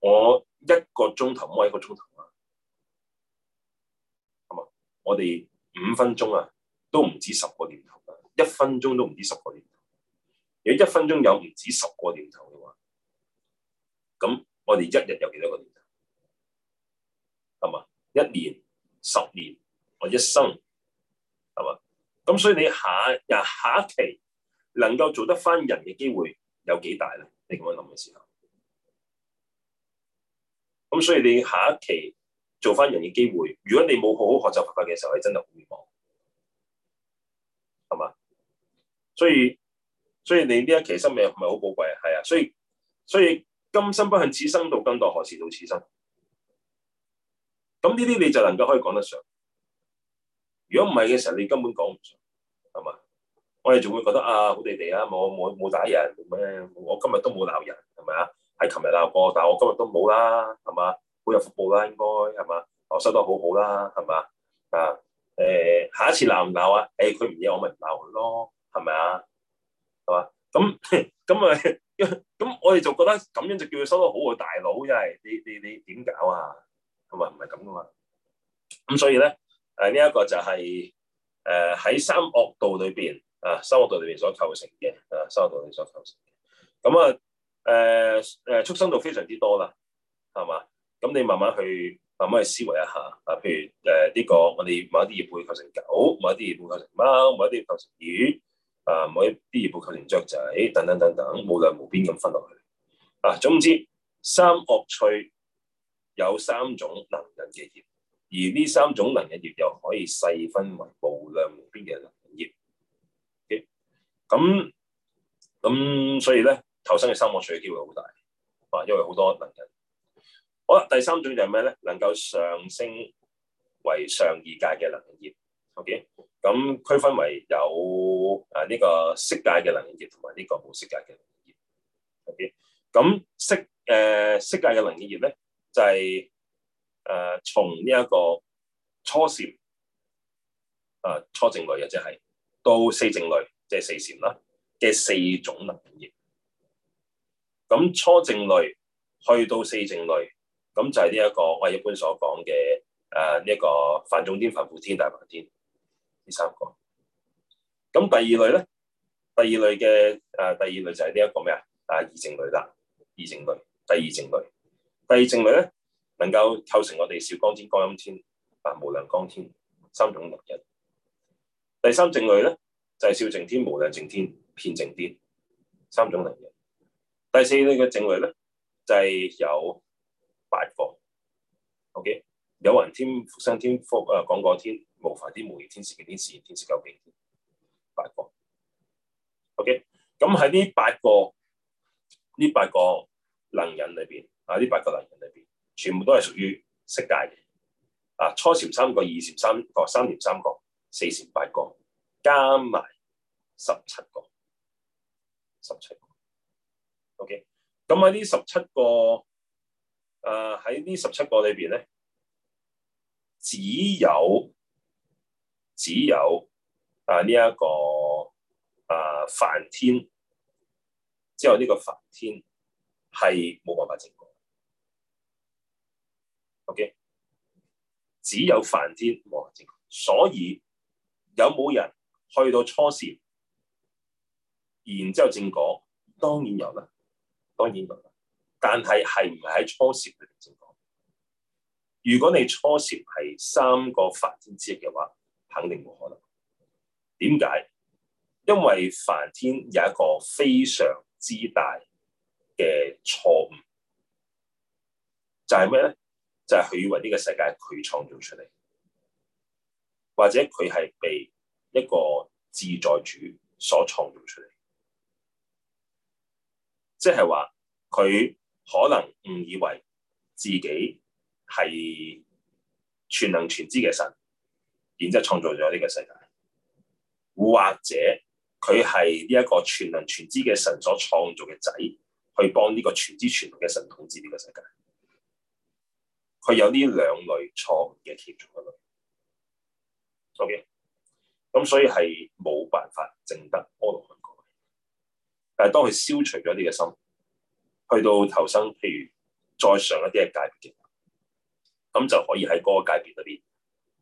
我一個鐘頭，唔一個鐘頭啦。係嘛？我哋五分鐘啊，都唔止十個年頭啦，一分鐘都唔止十個年頭。如果一分鐘有唔止十個年頭嘅話，咁我哋一日有幾多個年頭？係嘛？一年、十年、我一生，係嘛？咁所以你下日下一期能夠做得翻人嘅機會有幾大咧？你咁樣諗嘅時候，咁所以你下一期做翻人嘅機會，如果你冇好好學習佛法嘅時候，你真係好渺茫，係嘛？所以所以你呢一期生命唔係好寶貴啊，係啊，所以所以今生不恨，此生到今代，何時到此生？咁呢啲你就能夠可以講得上。如果唔係嘅時候，你根本講唔出，係嘛？我哋仲會覺得啊，好地地啊，冇冇冇打人咩？我今日都冇鬧人，係咪啊？係琴日鬧過，但係我今日都冇啦，係嘛？好有福報啦，應該係嘛？我、哦、收得好好啦，係嘛？啊誒，下一次鬧唔鬧啊？誒、哎，佢唔嘢，我咪唔鬧佢咯，係咪啊？係嘛？咁咁咪咁， <laughs> 我哋就覺得咁樣就叫佢收得好好大佬，真係你你你點搞啊？同埋唔係咁噶嘛？咁所以咧。誒呢一個就係誒喺三惡道裏邊啊，三惡道裏邊所構成嘅啊，三惡道裏所構成嘅。咁啊誒誒畜生道非常之多啦，係嘛？咁你慢慢去慢慢去思維一下啊，譬如誒呢、啊這個我哋某一啲業會構成狗，某一啲業會構成貓，某一啲構成魚啊，某一啲業會構成雀仔，等等等等，無量無邊咁分落去啊。總之三惡趣有三種能引嘅業。而呢三種能引業又可以細分為無量邊嘅能引業，咁咁，所以咧，投生嘅三惡趣嘅機會好大，啊，因為好多能引。好啦，第三種就係咩咧？能夠上升為上二界嘅能引業，O K，咁區分為有啊呢、這個色界嘅能引業同埋呢個無色界嘅能引業，O K，咁色誒、呃、色界嘅能引業咧就係、是。誒，從呢一個初禪，誒初靜慮嘅即係到四靜慮，即係四禪啦嘅四種能業。咁初靜慮去到四靜慮，咁就係呢一個我一般所講嘅誒呢一個梵眾天、梵輔天、大梵天呢三個。咁第二類咧，第二類嘅誒第，第二類就係呢一個咩啊？啊二靜慮啦，二靜慮，第二靜慮，第二靜慮咧。能夠構成我哋少光天、光音天、啊無量光天三種能引。第三靜慮咧就係、是、少淨天、無量淨天、遍淨天三種能引。第四呢個靜慮咧就係、是、有八方。O、okay? K，有無雲天、福生天、福誒廣果天、無煩天、無熱天、善見天、善現天、色究竟天八方。O K，咁喺呢八個呢、okay? 八,八個能引裏邊啊呢八個能引裏邊。全部都係屬於色界嘅啊！初禪三個，二禪三個，三禪三個，四禪八個，加埋十七個，十七個。OK，咁喺呢十七個，誒喺呢十七個裏邊咧，只有只有啊呢一個啊梵天，之後呢個梵天係冇辦法證。O.K. 只有梵天冇證果，所以有冇人去到初禪，然之後證果？當然有啦，當然有啦。但係係唔係喺初禪裡面證果？如果你初禪係三個梵天之一嘅話，肯定冇可能。點解？因為梵天有一個非常之大嘅錯誤，就係咩咧？就係佢以為呢個世界係佢創造出嚟，或者佢係被一個自在主所創造出嚟，即係話佢可能誤以為自己係全能全知嘅神，然之後創造咗呢個世界，或者佢係呢一個全能全知嘅神所創造嘅仔，去幫呢個全知全能嘅神統治呢個世界。佢有呢兩類錯誤嘅其中一類。OK，咁所以係冇辦法證得阿羅漢果。但係當佢消除咗呢個心，去到投生，譬如再上一啲嘅界別，咁就可以喺嗰個界別嗰邊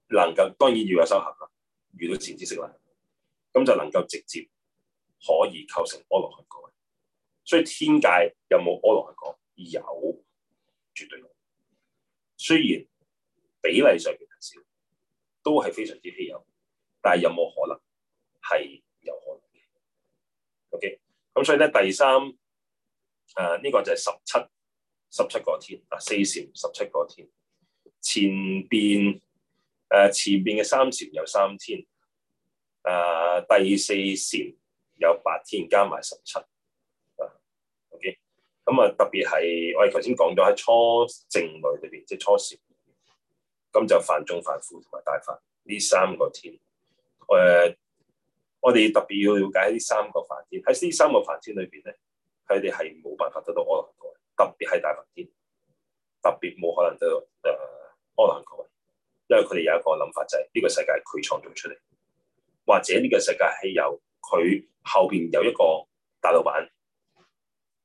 能夠，當然要有修行啦，遇到善知識啦，咁就能夠直接可以構成阿羅漢果。所以天界有冇阿羅漢果？有，絕對雖然比例上邊少，都係非常之稀有，但係有冇可能係有可能嘅？OK，咁所以咧，第三，誒、呃、呢、這個就係十七十七個天啊，四禪十七個天，前邊誒、呃、前邊嘅三禪有三天，誒、呃、第四禪有八天，加埋十七。咁啊，特別係我哋頭先講咗喺初靜慮裏邊，即係初時，咁就梵眾梵輔同埋大梵呢三個天。誒、呃，我哋特別要了解呢三個梵天，喺呢三個梵天裏邊咧，佢哋係冇辦法得到阿羅漢果，特別係大梵天，特別冇可能得到誒阿羅漢果，因為佢哋有一個諗法就係、是、呢個世界佢創造出嚟，或者呢個世界係由佢後邊有一個大老闆。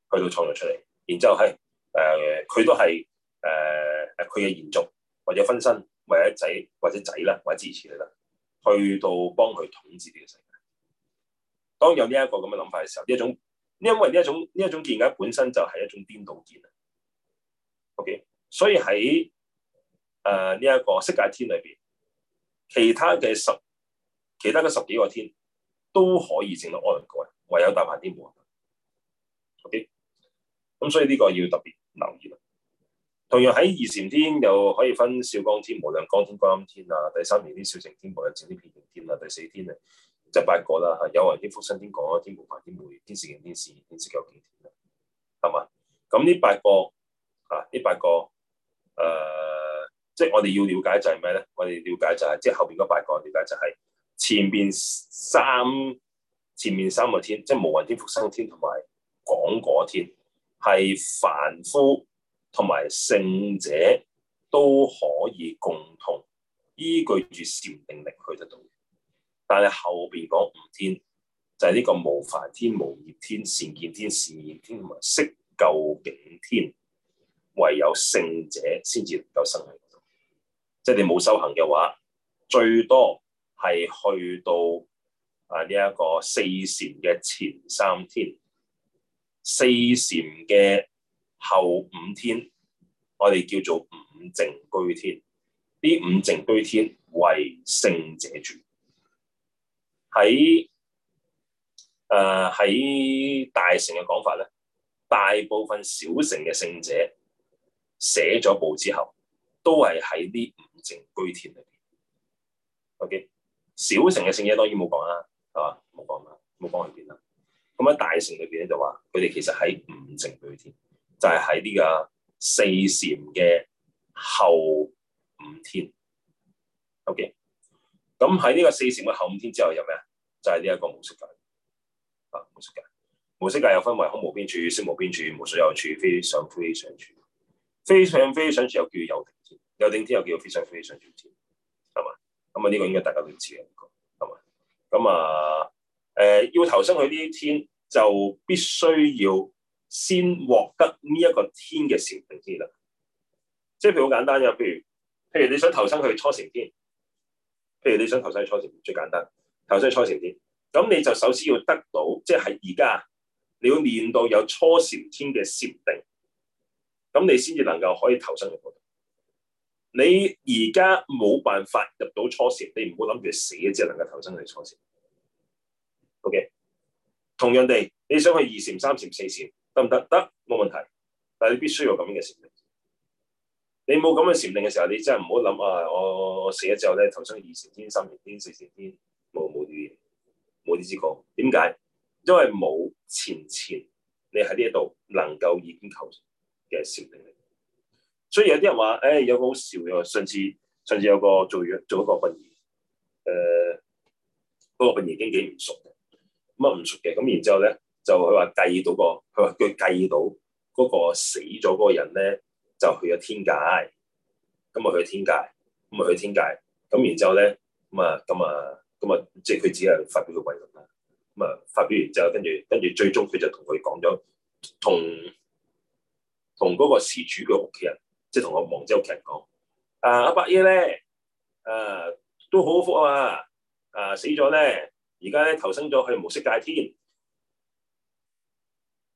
去到創造出嚟，然之後係誒佢都係誒佢嘅延續，或者分身，或者仔，或者仔啦，或者支持你啦，去到幫佢統治呢個世界。當有呢、這、一個咁嘅諗法嘅時候，一種因為呢一種呢一種見解本身就係一種顛倒見啊。O.K. 所以喺誒呢一個色界天裏邊，其他嘅十其他嘅十幾個天都可以證到阿羅漢果，唯有大梵天冇門。O.K. 咁所以呢個要特別留意啦。同樣喺二禪天又可以分少光天、無量光天、光音天啊。第三禪啲少淨天、無量淨啲遍淨天啦。第四天啊，就是、八個啦嚇。無雲天、福生天、廣果天、無煩天、無熱天、善現天、善見天、色究竟天啦，係嘛？咁呢八個啊，呢八個誒、呃，即我哋要了解就係咩咧？我哋了解就係、是、即後邊嗰八個了解就係前邊三前面三個天，即無雲天、福生天同埋廣果天。係凡夫同埋聖者都可以共同依據住禪定力去得到，但係後邊講五天就係、是、呢個無煩天、無熱天、善見天、善現天同埋色究竟天，唯有聖者先至能夠生喺嗰度。即係你冇修行嘅話，最多係去到啊呢一、這個四禪嘅前三天。四禪嘅後五天，我哋叫做五靜居天。呢五靜居天為聖者住。喺誒喺大乘嘅講法咧，大部分小乘嘅聖者寫咗報之後，都係喺呢五靜居天裏邊。O、okay? K，小乘嘅聖者當然冇講啦，係嘛冇講啦，冇講去啦。咁喺大乘裏邊咧，就話佢哋其實喺五淨居天，就係喺呢個四禪嘅後五天。O.K. 咁喺呢個四禪嘅後五天之後有咩啊？就係呢一個無色界。啊，無色界，無色界有分為空無邊處、識無邊處、無所有處、非想非非想處、非想非想處，又叫有頂天，有頂天又叫做非，非想非想處天，係嘛？咁啊，呢個應該大家都知嘅，係嘛？咁啊。誒、呃，要投身去呢啲天，就必須要先獲得呢一個天嘅禪定先得。即係譬如好簡單嘅，譬如譬如你想投身去初禪天，譬如你想投身去初禪天，最簡單，投身去初禪天。咁你就首先要得到，即係而家你要練到有初禪天嘅禪定，咁你先至能夠可以投身去嗰度。你而家冇辦法入到初禪，你唔好諗住死，只能夠投身去初禪。嘅，okay. 同樣地，你想去二禪、三禪、四禪得唔得？得，冇問題。但係你必須有咁嘅禪定。你冇咁嘅禪定嘅時候，你真係唔好諗啊！我死咗之後咧，投生二禪天、三禪天、四禪天，冇冇呢啲，冇啲知講。點解？因為冇前前，你喺呢一度能夠已經求嘅禪定。所以有啲人話：誒、哎，有個好笑嘅，上次上次有個做做一個佛兒，誒、呃，嗰、這個佛兒已經幾唔熟乜唔出嘅，咁然之後咧就佢話計到個，佢話佢計到嗰個死咗嗰個人咧就去咗天界，咁啊去天界，咁啊去天界，咁然之後咧咁啊咁啊咁啊，即係佢只係發表佢遺言啦，咁啊發表完之後，后後後後跟住跟住最終佢就同佢講咗，同同嗰個事主嘅屋企人，即係同個亡者屋企人講，啊阿伯爺咧，啊都好福啊，啊死咗咧。而家咧投生咗去無色界天，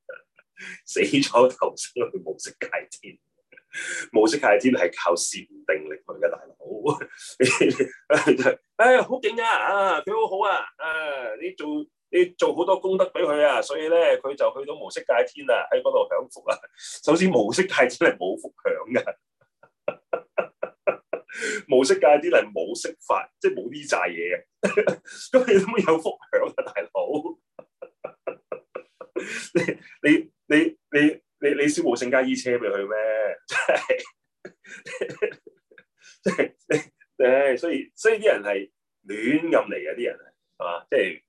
<laughs> 死咗投生去無色界天，無色界天係靠禪定力去嘅大佬。 <laughs> 哎，好勁啊！啊，佢好好啊！啊，你做你做好多功德俾佢啊，所以咧佢就去到無色界天啦，喺嗰度享福啊。 <laughs> 首先無色界天係冇福享嘅。 <laughs> 模式界啲係冇食法，即係冇呢炸嘢嘅。咁 <laughs> 你點有，有福享啊，大佬？ <laughs> 你你你你你你燒部勝家衣車俾佢咩？即係，即係，誒，所以所以啲人係亂咁嚟嘅，啲人係，係嘛？即係，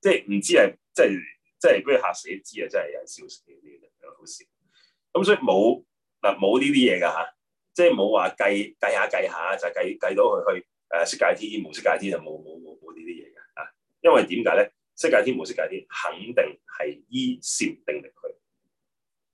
即係唔知係，即係，即係俾佢吓死，知啊？真係有少少啲嘅好事。咁所以冇嗱冇呢啲嘢噶吓。即係冇話計計下計下，就係計計到佢去誒色、啊、界天，無色界天就冇冇冇呢啲嘢㗎嚇，因為點解咧？色界天、無色界天肯定係依禪定力去。